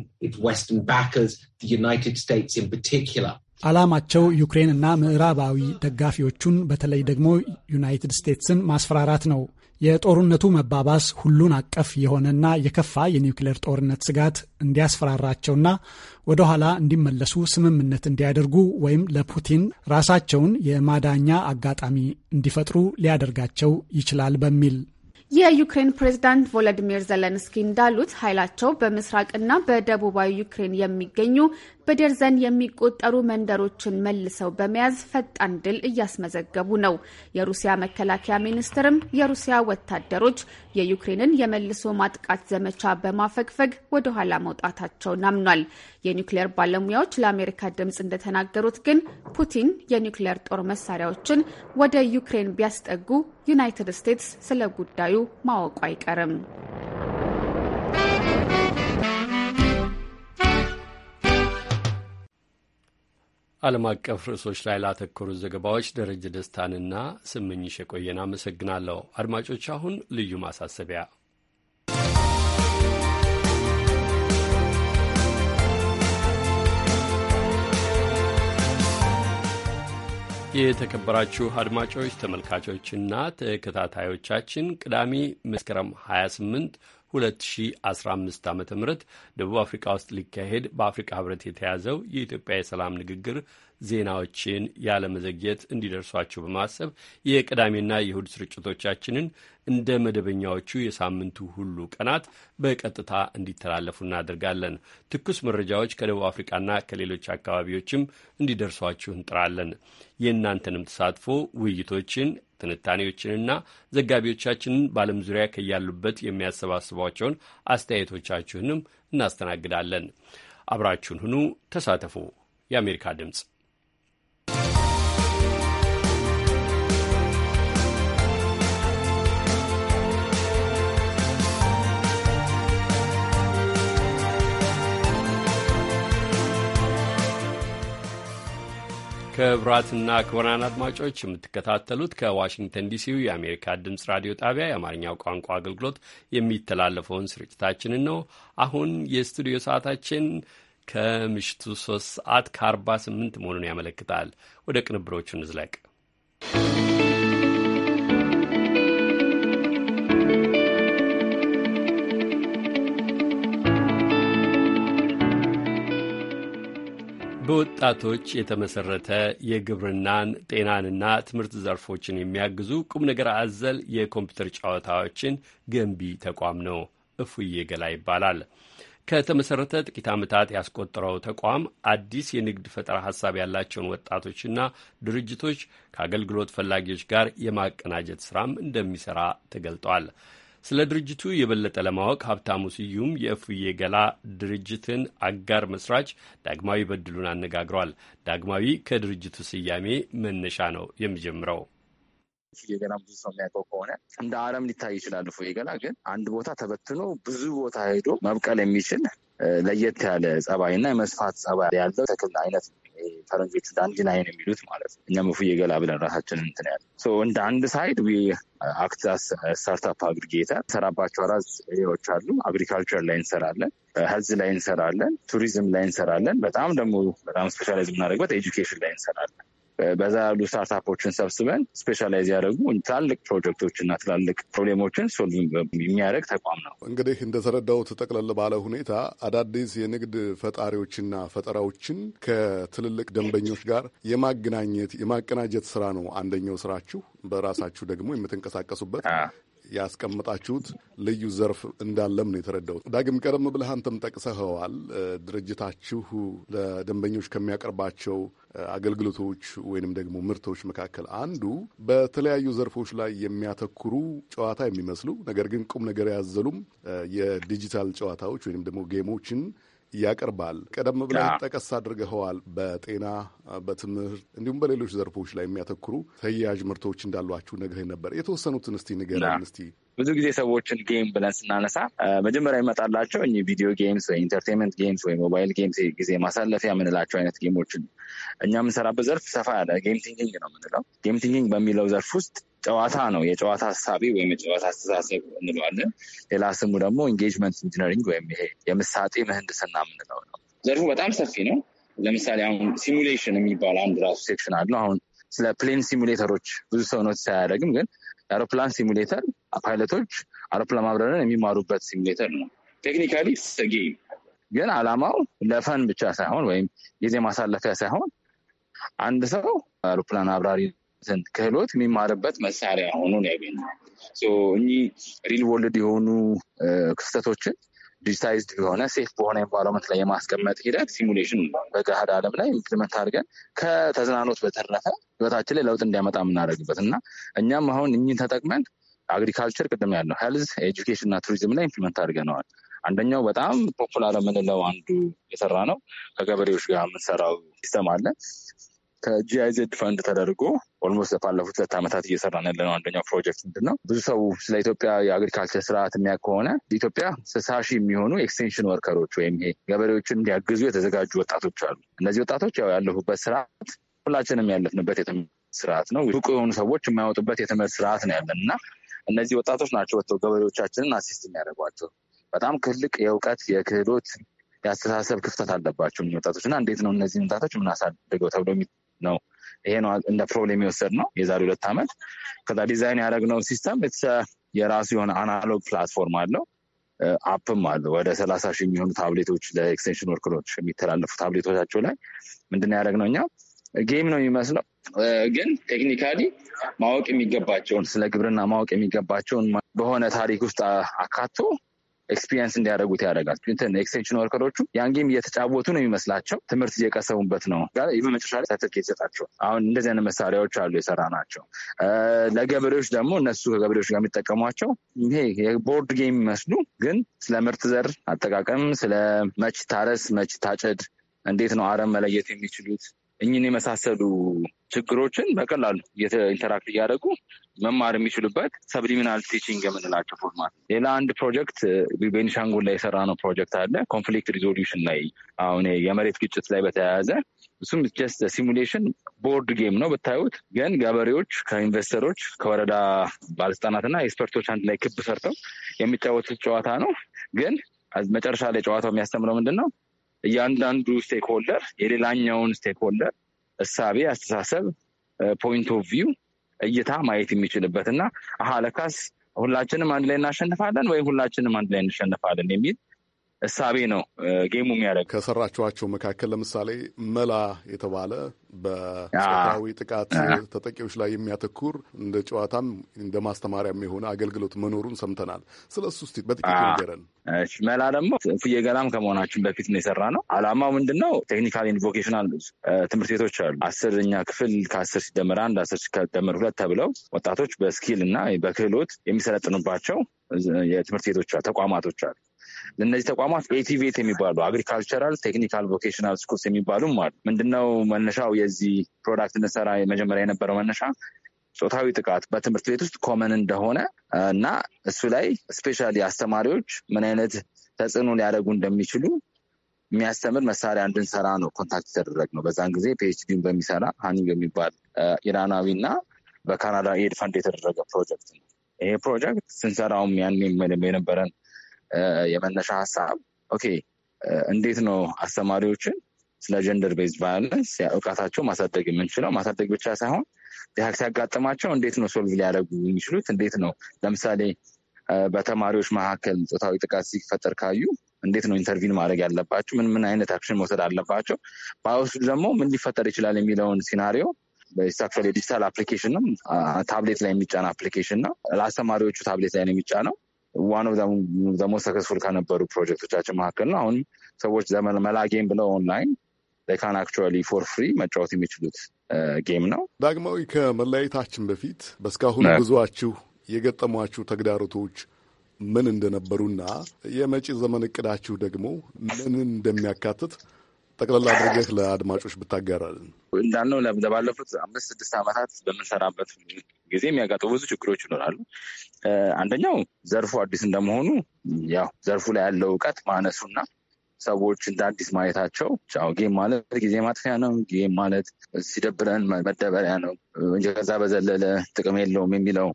ዌስተርን ባከርስ ዩናይትድ ስቴትስ ፓርቲኩላር ዓላማቸው ዩክሬን እና ምዕራባዊ ደጋፊዎቹን በተለይ ደግሞ ዩናይትድ ስቴትስን ማስፈራራት ነው። የጦርነቱ መባባስ ሁሉን አቀፍ የሆነና የከፋ የኒውክሌር ጦርነት ስጋት እንዲያስፈራራቸውና ወደ ኋላ እንዲመለሱ ስምምነት እንዲያደርጉ ወይም ለፑቲን ራሳቸውን የማዳኛ አጋጣሚ እንዲፈጥሩ ሊያደርጋቸው ይችላል በሚል የዩክሬን ፕሬዝዳንት ቮሎዲሚር ዘለንስኪ እንዳሉት ኃይላቸው በምስራቅና በደቡባዊ ዩክሬን የሚገኙ በደርዘን የሚቆጠሩ መንደሮችን መልሰው በመያዝ ፈጣን ድል እያስመዘገቡ ነው። የሩሲያ መከላከያ ሚኒስትርም የሩሲያ ወታደሮች የዩክሬንን የመልሶ ማጥቃት ዘመቻ በማፈግፈግ ወደኋላ መውጣታቸውን አምኗል። የኒውክሌር ባለሙያዎች ለአሜሪካ ድምፅ እንደተናገሩት ግን ፑቲን የኒውክሌር ጦር መሳሪያዎችን ወደ ዩክሬን ቢያስጠጉ ዩናይትድ ስቴትስ ስለ ጉዳዩ ማወቁ አይቀርም። ዓለም አቀፍ ርዕሶች ላይ ላተኮሩ ዘገባዎች ደረጀ ደስታንና ስምኝሽ የቆየን አመሰግናለሁ። አድማጮች፣ አሁን ልዩ ማሳሰቢያ የተከበራችሁ አድማጮች፣ ተመልካቾችና ተከታታዮቻችን ቅዳሜ መስከረም 28 2015 ዓ ም ደቡብ አፍሪካ ውስጥ ሊካሄድ በአፍሪካ ህብረት የተያዘው የኢትዮጵያ የሰላም ንግግር ዜናዎችን ያለመዘግየት እንዲደርሷችሁ በማሰብ የቅዳሜና የእሁድ ስርጭቶቻችንን እንደ መደበኛዎቹ የሳምንቱ ሁሉ ቀናት በቀጥታ እንዲተላለፉ እናደርጋለን። ትኩስ መረጃዎች ከደቡብ አፍሪቃና ከሌሎች አካባቢዎችም እንዲደርሷችሁ እንጥራለን። የእናንተንም ተሳትፎ ውይይቶችን፣ ትንታኔዎችንና ዘጋቢዎቻችንን በዓለም ዙሪያ ከያሉበት የሚያሰባስቧቸውን አስተያየቶቻችሁንም እናስተናግዳለን። አብራችሁን ሁኑ፣ ተሳተፉ። የአሜሪካ ድምፅ ክቡራትና ክቡራን አድማጮች የምትከታተሉት ከዋሽንግተን ዲሲው የአሜሪካ ድምፅ ራዲዮ ጣቢያ የአማርኛው ቋንቋ አገልግሎት የሚተላለፈውን ስርጭታችንን ነው። አሁን የስቱዲዮ ሰዓታችን ከምሽቱ ሶስት ሰዓት ከአርባ ስምንት መሆኑን ያመለክታል። ወደ ቅንብሮቹ እንዝለቅ። በወጣቶች የተመሰረተ የግብርናን ጤናንና ትምህርት ዘርፎችን የሚያግዙ ቁም ነገር አዘል የኮምፒውተር ጨዋታዎችን ገንቢ ተቋም ነው። እፉዬ ገላ ይባላል። ከተመሰረተ ጥቂት ዓመታት ያስቆጠረው ተቋም አዲስ የንግድ ፈጠራ ሀሳብ ያላቸውን ወጣቶችና ድርጅቶች ከአገልግሎት ፈላጊዎች ጋር የማቀናጀት ስራም እንደሚሰራ ተገልጧል። ስለ ድርጅቱ የበለጠ ለማወቅ ሀብታሙ ስዩም የእፉዬ ገላ ድርጅትን አጋር መስራች ዳግማዊ በድሉን አነጋግሯል። ዳግማዊ ከድርጅቱ ስያሜ መነሻ ነው የሚጀምረው። ፉዬገና ብዙ ሰው የሚያውቀው ከሆነ እንደ አረም ሊታይ ይችላል። ፉዬገና ግን አንድ ቦታ ተበትኖ ብዙ ቦታ ሄዶ መብቀል የሚችል ለየት ያለ ጸባይ እና የመስፋት ጸባይ ያለው ተክል አይነት ፈረንጆቹ ዳንዲን ላይን የሚሉት ማለት ነው። እኛም ፉዬገላ ብለን ራሳችን እንትን ያለ እንደ አንድ ሳይድ አክት ስታርታፕ አግሪጌተር ሰራባቸው አራት ኤሪያዎች አሉ። አግሪካልቸር ላይ እንሰራለን፣ ሄልዝ ላይ እንሰራለን፣ ቱሪዝም ላይ እንሰራለን። በጣም ደግሞ በጣም ስፔሻላይዝ የምናደርግበት ኤጁኬሽን ላይ እንሰራለን። በዛ ያሉ ስታርታፖችን ሰብስበን ስፔሻላይዝ ያደረጉ ትላልቅ ፕሮጀክቶች እና ትላልቅ ፕሮብሌሞችን ሶልቭ የሚያደርግ ተቋም ነው። እንግዲህ እንደተረዳሁት ጠቅለል ባለ ሁኔታ አዳዲስ የንግድ ፈጣሪዎችና ፈጠራዎችን ከትልልቅ ደንበኞች ጋር የማገናኘት የማቀናጀት ስራ ነው አንደኛው ስራችሁ። በራሳችሁ ደግሞ የምትንቀሳቀሱበት ያስቀምጣችሁት ልዩ ዘርፍ እንዳለም ነው የተረዳው። ዳግም ቀደም ብለህ አንተም ጠቅሰኸዋል። ድርጅታችሁ ለደንበኞች ከሚያቀርባቸው አገልግሎቶች ወይንም ደግሞ ምርቶች መካከል አንዱ በተለያዩ ዘርፎች ላይ የሚያተኩሩ ጨዋታ የሚመስሉ ነገር ግን ቁም ነገር ያዘሉም የዲጂታል ጨዋታዎች ወይንም ደግሞ ጌሞችን ያቀርባል። ቀደም ብለህ ጠቀስ አድርገኸዋል። በጤና በትምህርት እንዲሁም በሌሎች ዘርፎች ላይ የሚያተኩሩ ተያያዥ ምርቶች እንዳሏችሁ ነግረኝ ነበር። የተወሰኑትን እስቲ ንገረን እስቲ። ብዙ ጊዜ ሰዎችን ጌም ብለን ስናነሳ መጀመሪያ ይመጣላቸው እ ቪዲዮ ጌምስ ወይ ኢንተርቴንመንት ጌምስ ወይ ሞባይል ጌምስ ጊዜ ማሳለፊያ የምንላቸው አይነት ጌሞችን እኛ የምንሰራበት ዘርፍ ሰፋ ያለ ጌም ቲንኪንግ ነው የምንለው። ጌም ቲንኪንግ በሚለው ዘርፍ ውስጥ ጨዋታ ነው። የጨዋታ አሳቢ ወይም የጨዋታ አስተሳሰብ እንለዋለን። ሌላ ስሙ ደግሞ ኢንጌጅመንት ኢንጂነሪንግ ወይም ይሄ የምሳጤ ምህንድስና የምንለው ነው። ዘርፉ በጣም ሰፊ ነው። ለምሳሌ አሁን ሲሙሌሽን የሚባል አንድ ራሱ ሴክሽን አለው። አሁን ስለ ፕሌን ሲሙሌተሮች ብዙ ሰው ነው ሳያደርግም፣ ግን የአውሮፕላን ሲሙሌተር ፓይለቶች አውሮፕላን ማብረርን የሚማሩበት ሲሙሌተር ነው። ቴክኒካሊ ጌም ግን አላማው ለፈን ብቻ ሳይሆን ወይም ጊዜ ማሳለፊያ ሳይሆን አንድ ሰው አውሮፕላን አብራሪ ዘንድ ክህሎት የሚማርበት መሳሪያ ነው ያገኘ እኚህ ሪል ወርልድ የሆኑ ክስተቶችን ዲጂታይዝድ የሆነ ሴፍ በሆነ ኤንቫይሮንመንት ላይ የማስቀመጥ ሂደት ሲሙሌሽን በገሃድ ዓለም ላይ ኢምፕሊመንት አድርገን ከተዝናኖት በተረፈ ህይወታችን ላይ ለውጥ እንዲያመጣ የምናደርግበት እና እኛም አሁን እኚህን ተጠቅመን አግሪካልቸር ቅድም ያለው ሄልዝ፣ ኤጁኬሽን እና ቱሪዝም ላይ ኢምፕሊመንት አድርገነዋል። አንደኛው በጣም ፖፑላር የምንለው አንዱ የሰራ ነው። ከገበሬዎች ጋር የምንሰራው ሲስተም አለ። ከጂአይዜድ ፈንድ ተደርጎ ኦልሞስት ለባለፉት ሁለት ዓመታት እየሰራን ያለነው አንደኛው ፕሮጀክት ምንድን ነው? ብዙ ሰው ስለ ኢትዮጵያ የአግሪካልቸር ስርዓት የሚያ ከሆነ ኢትዮጵያ ስልሳ ሺህ የሚሆኑ ኤክስቴንሽን ወርከሮች ወይም ይሄ ገበሬዎችን እንዲያግዙ የተዘጋጁ ወጣቶች አሉ። እነዚህ ወጣቶች ያው ያለፉበት ስርዓት ሁላችንም ያለፍንበት የትምህርት ስርዓት ነው። ብቁ የሆኑ ሰዎች የማያወጡበት የትምህርት ስርዓት ነው ያለን እና እነዚህ ወጣቶች ናቸው ወጥተው ገበሬዎቻችንን አሲስት የሚያደርጓቸው። በጣም ትልቅ የእውቀት የክህሎት የአስተሳሰብ ክፍተት አለባቸው ወጣቶች እና እንዴት ነው እነዚህ ወጣቶች ምናሳድገው ተብሎ ነው። ይሄ ነው እንደ ፕሮብሌም የወሰድ ነው የዛሬ ሁለት ዓመት። ከዛ ዲዛይን ያደረግነው ሲስተም የራሱ የሆነ አናሎግ ፕላትፎርም አለው አፕም አለው። ወደ ሰላሳ ሺህ የሚሆኑ ታብሌቶች ለኤክስቴንሽን ወርክሮች የሚተላለፉ ታብሌቶቻቸው ላይ ምንድን ያደረግነው እኛ ጌም ነው የሚመስለው ግን ቴክኒካሊ ማወቅ የሚገባቸውን ስለ ግብርና ማወቅ የሚገባቸውን በሆነ ታሪክ ውስጥ አካቶ ኤክስፒሪንስ እንዲያደርጉት ያደርጋል። እንትን ኤክስቴንሽን ወርከሮቹ ያን ጌም እየተጫወቱ ነው የሚመስላቸው፣ ትምህርት እየቀሰሙበት ነው። በመጨረሻ ላይ ሰርተፍኬት ይሰጣቸዋል። አሁን እንደዚህ አይነት መሳሪያዎች አሉ የሰራ ናቸው። ለገበሬዎች ደግሞ እነሱ ከገበሬዎች ጋር የሚጠቀሟቸው ይሄ የቦርድ ጌም የሚመስሉ ግን ስለ ምርት ዘር አጠቃቀም ስለ መች ታረስ መች ታጨድ እንዴት ነው አረም መለየት የሚችሉት እኝን የመሳሰሉ ችግሮችን በቀላሉ ኢንተራክት እያደረጉ መማር የሚችሉበት ሰብሊሚናል ቲቺንግ የምንላቸው ፎርማት። ሌላ አንድ ፕሮጀክት ቤኒሻንጉል ላይ የሰራ ነው ፕሮጀክት አለ ኮንፍሊክት ሪዞሉሽን ላይ አሁን የመሬት ግጭት ላይ በተያያዘ እሱም ጀስት ሲሙሌሽን ቦርድ ጌም ነው ብታዩት። ግን ገበሬዎች ከኢንቨስተሮች ከወረዳ ባለስልጣናትና ኤክስፐርቶች አንድ ላይ ክብ ሰርተው የሚጫወቱት ጨዋታ ነው። ግን መጨረሻ ላይ ጨዋታው የሚያስተምረው ምንድን ነው? እያንዳንዱ ስቴክሆልደር የሌላኛውን ስቴክሆልደር እሳቤ፣ አስተሳሰብ፣ ፖይንት ኦፍ ቪው እይታ ማየት የሚችልበት እና አሀለካስ ሁላችንም አንድ ላይ እናሸንፋለን ወይም ሁላችንም አንድ ላይ እንሸንፋለን የሚል እሳቤ ነው ጌሙ የሚያደርገው። ከሰራችኋቸው መካከል ለምሳሌ መላ የተባለ በጾታዊ ጥቃት ተጠቂዎች ላይ የሚያተኩር እንደ ጨዋታም እንደ ማስተማሪያም የሆነ አገልግሎት መኖሩን ሰምተናል። ስለ እሱ ስ በጥቂት ንገረን። መላ ደግሞ ፍየገላም ከመሆናችን በፊት ነው የሰራ ነው። አላማው ምንድን ነው? ቴክኒካል ኢንቮኬሽናል ትምህርት ቤቶች አሉ። አስርኛ ክፍል ከአስር ሲደመር አንድ አስር ሲደመር ሁለት ተብለው ወጣቶች በስኪል እና በክህሎት የሚሰለጥኑባቸው የትምህርት ቤቶች ተቋማቶች አሉ። ለእነዚህ ተቋማት ኤቲቬት የሚባሉ አግሪካልቸራል ቴክኒካል ቮኬሽናል ስኩልስ የሚባሉም አሉ። ምንድነው መነሻው የዚህ ፕሮዳክት እንሰራ መጀመሪያ የነበረው መነሻ ጾታዊ ጥቃት በትምህርት ቤት ውስጥ ኮመን እንደሆነ እና እሱ ላይ ስፔሻሊ አስተማሪዎች ምን አይነት ተጽዕኖ ሊያደርጉ እንደሚችሉ የሚያስተምር መሳሪያ እንድንሰራ ነው ኮንታክት የተደረግ ነው። በዛን ጊዜ ፒኤችዲን በሚሰራ ሀኒ የሚባል uh, ኢራናዊ እና በካናዳ ኤድ ፈንድ የተደረገ ፕሮጀክት ነው። ይሄ ፕሮጀክት ስንሰራውም ያን የነበረን የመነሻ ሀሳብ ኦኬ እንዴት ነው አስተማሪዎችን ስለ ጀንደር ቤዝ ቫዮለንስ እውቀታቸው ማሳደግ የምንችለው? ማሳደግ ብቻ ሳይሆን ዲሀክ ሲያጋጥማቸው እንዴት ነው ሶልቭ ሊያደርጉ የሚችሉት? እንዴት ነው ለምሳሌ በተማሪዎች መካከል ፆታዊ ጥቃት ሲፈጠር ካዩ እንዴት ነው ኢንተርቪን ማድረግ ያለባቸው? ምን ምን አይነት አክሽን መውሰድ አለባቸው? በአውስዱ ደግሞ ምን ሊፈጠር ይችላል የሚለውን ሲናሪዮ ስታክል የዲጂታል አፕሊኬሽን ታብሌት ላይ የሚጫነው አፕሊኬሽን ነው። ለአስተማሪዎቹ ታብሌት ላይ ነው የሚጫነው። ዋን ኦፍ ዘሞስት ሰክሰስፉል ከነበሩ ፕሮጀክቶቻችን መካከል ነው። አሁን ሰዎች ዘመን መላ ጌም ብለው ኦንላይን ካን አክቹዋሊ ፎር ፍሪ መጫወት የሚችሉት ጌም ነው። ዳግማዊ፣ ከመለያየታችን በፊት በእስካሁን ብዙችሁ የገጠሟችሁ ተግዳሮቶች ምን እንደነበሩና የመጪ ዘመን እቅዳችሁ ደግሞ ምን እንደሚያካትት ጠቅላላ አድርገህ ለአድማጮች ብታጋራልን። እንዳልነው ለባለፉት አምስት ስድስት ዓመታት በምንሰራበት ጊዜ የሚያጋጥሙ ብዙ ችግሮች ይኖራሉ። አንደኛው ዘርፉ አዲስ እንደመሆኑ ያው ዘርፉ ላይ ያለው እውቀት ማነሱና ሰዎች እንደ አዲስ ማየታቸው ው ጌም ማለት ጊዜ ማጥፊያ ነው፣ ጌም ማለት ሲደብረን መደበሪያ ነው እንጂ ከዛ በዘለለ ጥቅም የለውም የሚለው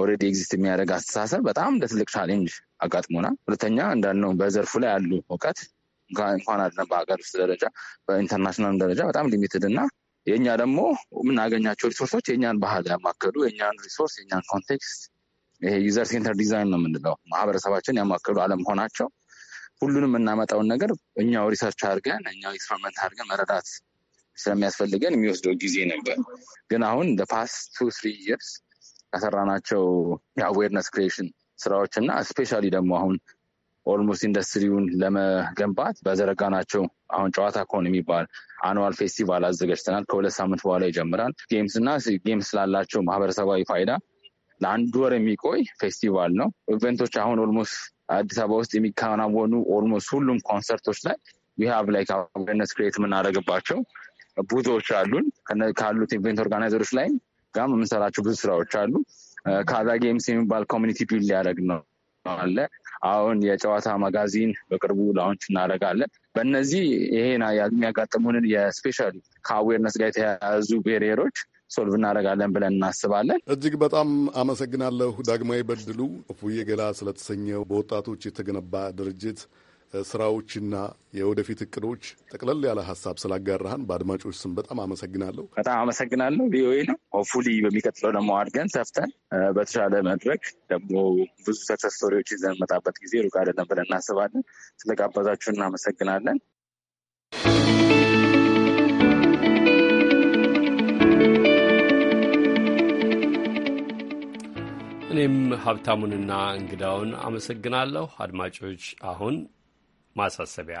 ኦልሬዲ ኤግዚስት የሚያደርግ አስተሳሰብ በጣም ለትልቅ ቻሌንጅ አጋጥሞናል። ሁለተኛ እንዳልነው በዘርፉ ላይ ያሉ እውቀት እንኳን አይደለም በሀገር ውስጥ ደረጃ በኢንተርናሽናል ደረጃ በጣም ሊሚትድ እና የእኛ ደግሞ የምናገኛቸው ሪሶርሶች የእኛን ባህል ያማከሉ የእኛን ሪሶርስ የእኛን ኮንቴክስት ይሄ ዩዘር ሴንተር ዲዛይን ነው የምንለው ማህበረሰባችን ያማከሉ አለመሆናቸው ሁሉንም የምናመጣውን ነገር እኛው ሪሰርች አድርገን እኛው ኤክስፐሪመንት አድርገን መረዳት ስለሚያስፈልገን የሚወስደው ጊዜ ነበር። ግን አሁን ለፓስት ቱ ስሪ ይርስ ከሰራናቸው የአዌርነስ ክሪኤሽን ስራዎች እና ስፔሻሊ ደግሞ አሁን ኦልሞስት ኢንዱስትሪውን ለመገንባት በዘረጋናቸው አሁን ጨዋታ ከሆነ የሚባል አኑዋል ፌስቲቫል አዘጋጅተናል። ከሁለት ሳምንት በኋላ ይጀምራል። ጌምስ እና ጌምስ ስላላቸው ማህበረሰባዊ ፋይዳ ለአንድ ወር የሚቆይ ፌስቲቫል ነው። ኢቨንቶች አሁን ኦልሞስት አዲስ አበባ ውስጥ የሚከናወኑ ኦልሞስት ሁሉም ኮንሰርቶች ላይ ዊሃብ ላይ ከአብነት ክሬት የምናደርግባቸው ብዙዎች አሉን። ካሉት ኢቨንት ኦርጋናይዘሮች ላይ ጋም የምንሰራቸው ብዙ ስራዎች አሉ። ከዛ ጌምስ የሚባል ኮሚኒቲ ቢል ሊያደርግ ነው አለ አሁን የጨዋታ ማጋዚን በቅርቡ ላውንች እናደርጋለን። በእነዚህ ይሄን የሚያጋጥሙንን የስፔሻል ከአዌርነስ ጋር የተያያዙ ቤሪየሮች ሶልቭ እናደርጋለን ብለን እናስባለን። እጅግ በጣም አመሰግናለሁ። ዳግማዊ በድሉ እፉዬ ገላ ስለተሰኘው በወጣቶች የተገነባ ድርጅት ስራዎችና የወደፊት እቅዶች ጠቅለል ያለ ሀሳብ ስላጋራህን በአድማጮች ስም በጣም አመሰግናለሁ። በጣም አመሰግናለሁ። ቪኦኤ ነው ሆፉሊ በሚቀጥለው ደግሞ አድገን ሰፍተን በተሻለ መድረክ ደግሞ ብዙ ሰክሰስ ስቶሪዎች ይዘን መጣበት ጊዜ ሩቅ አይደለም ብለን እናስባለን። ስለጋበዛችሁ እናመሰግናለን። እኔም ሀብታሙንና እንግዳውን አመሰግናለሁ። አድማጮች አሁን ማሳሰቢያ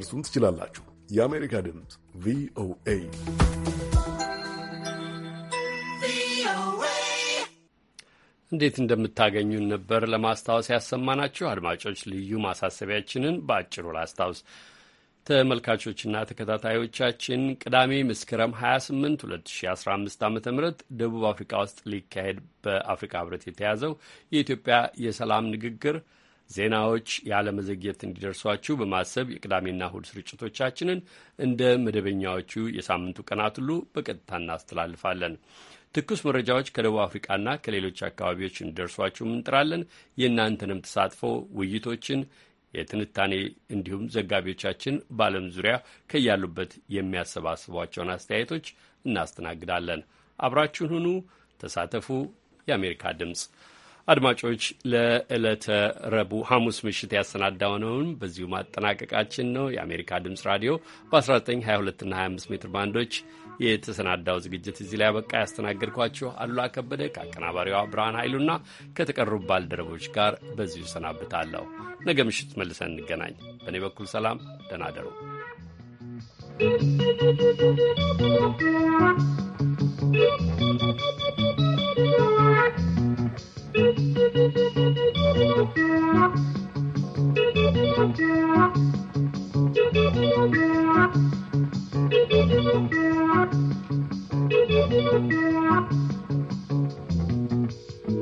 ልታደርሱን ትችላላችሁ። የአሜሪካ ድምፅ ቪኦኤ እንዴት እንደምታገኙን ነበር ለማስታወስ ያሰማናችሁ። አድማጮች፣ ልዩ ማሳሰቢያችንን በአጭሩ ላስታውስ። ተመልካቾችና ተከታታዮቻችን ቅዳሜ መስከረም 28 2015 ዓ ም ደቡብ አፍሪካ ውስጥ ሊካሄድ በአፍሪካ ህብረት የተያዘው የኢትዮጵያ የሰላም ንግግር ዜናዎች ያለመዘግየት እንዲደርሷችሁ በማሰብ የቅዳሜና እሁድ ስርጭቶቻችንን እንደ መደበኛዎቹ የሳምንቱ ቀናት ሁሉ በቀጥታ እናስተላልፋለን። ትኩስ መረጃዎች ከደቡብ አፍሪቃና ከሌሎች አካባቢዎች እንዲደርሷችሁም እንጥራለን። የእናንተንም ተሳትፎ ውይይቶችን፣ የትንታኔ እንዲሁም ዘጋቢዎቻችን በዓለም ዙሪያ ከያሉበት የሚያሰባስቧቸውን አስተያየቶች እናስተናግዳለን። አብራችሁን ሁኑ፣ ተሳተፉ። የአሜሪካ ድምፅ አድማጮች ለዕለተ ረቡዕ ሐሙስ ምሽት ያሰናዳነውን በዚሁ ማጠናቀቃችን ነው። የአሜሪካ ድምፅ ራዲዮ በ1922 እና 25 ሜትር ባንዶች የተሰናዳው ዝግጅት እዚህ ላይ አበቃ። ያስተናገድኳችሁ አሉላ ከበደ ከአቀናባሪዋ ብርሃን ኃይሉና ከተቀሩ ባልደረቦች ጋር በዚሁ ሰናብታለሁ። ነገ ምሽት መልሰን እንገናኝ። በእኔ በኩል ሰላም፣ ደህና እደሩ።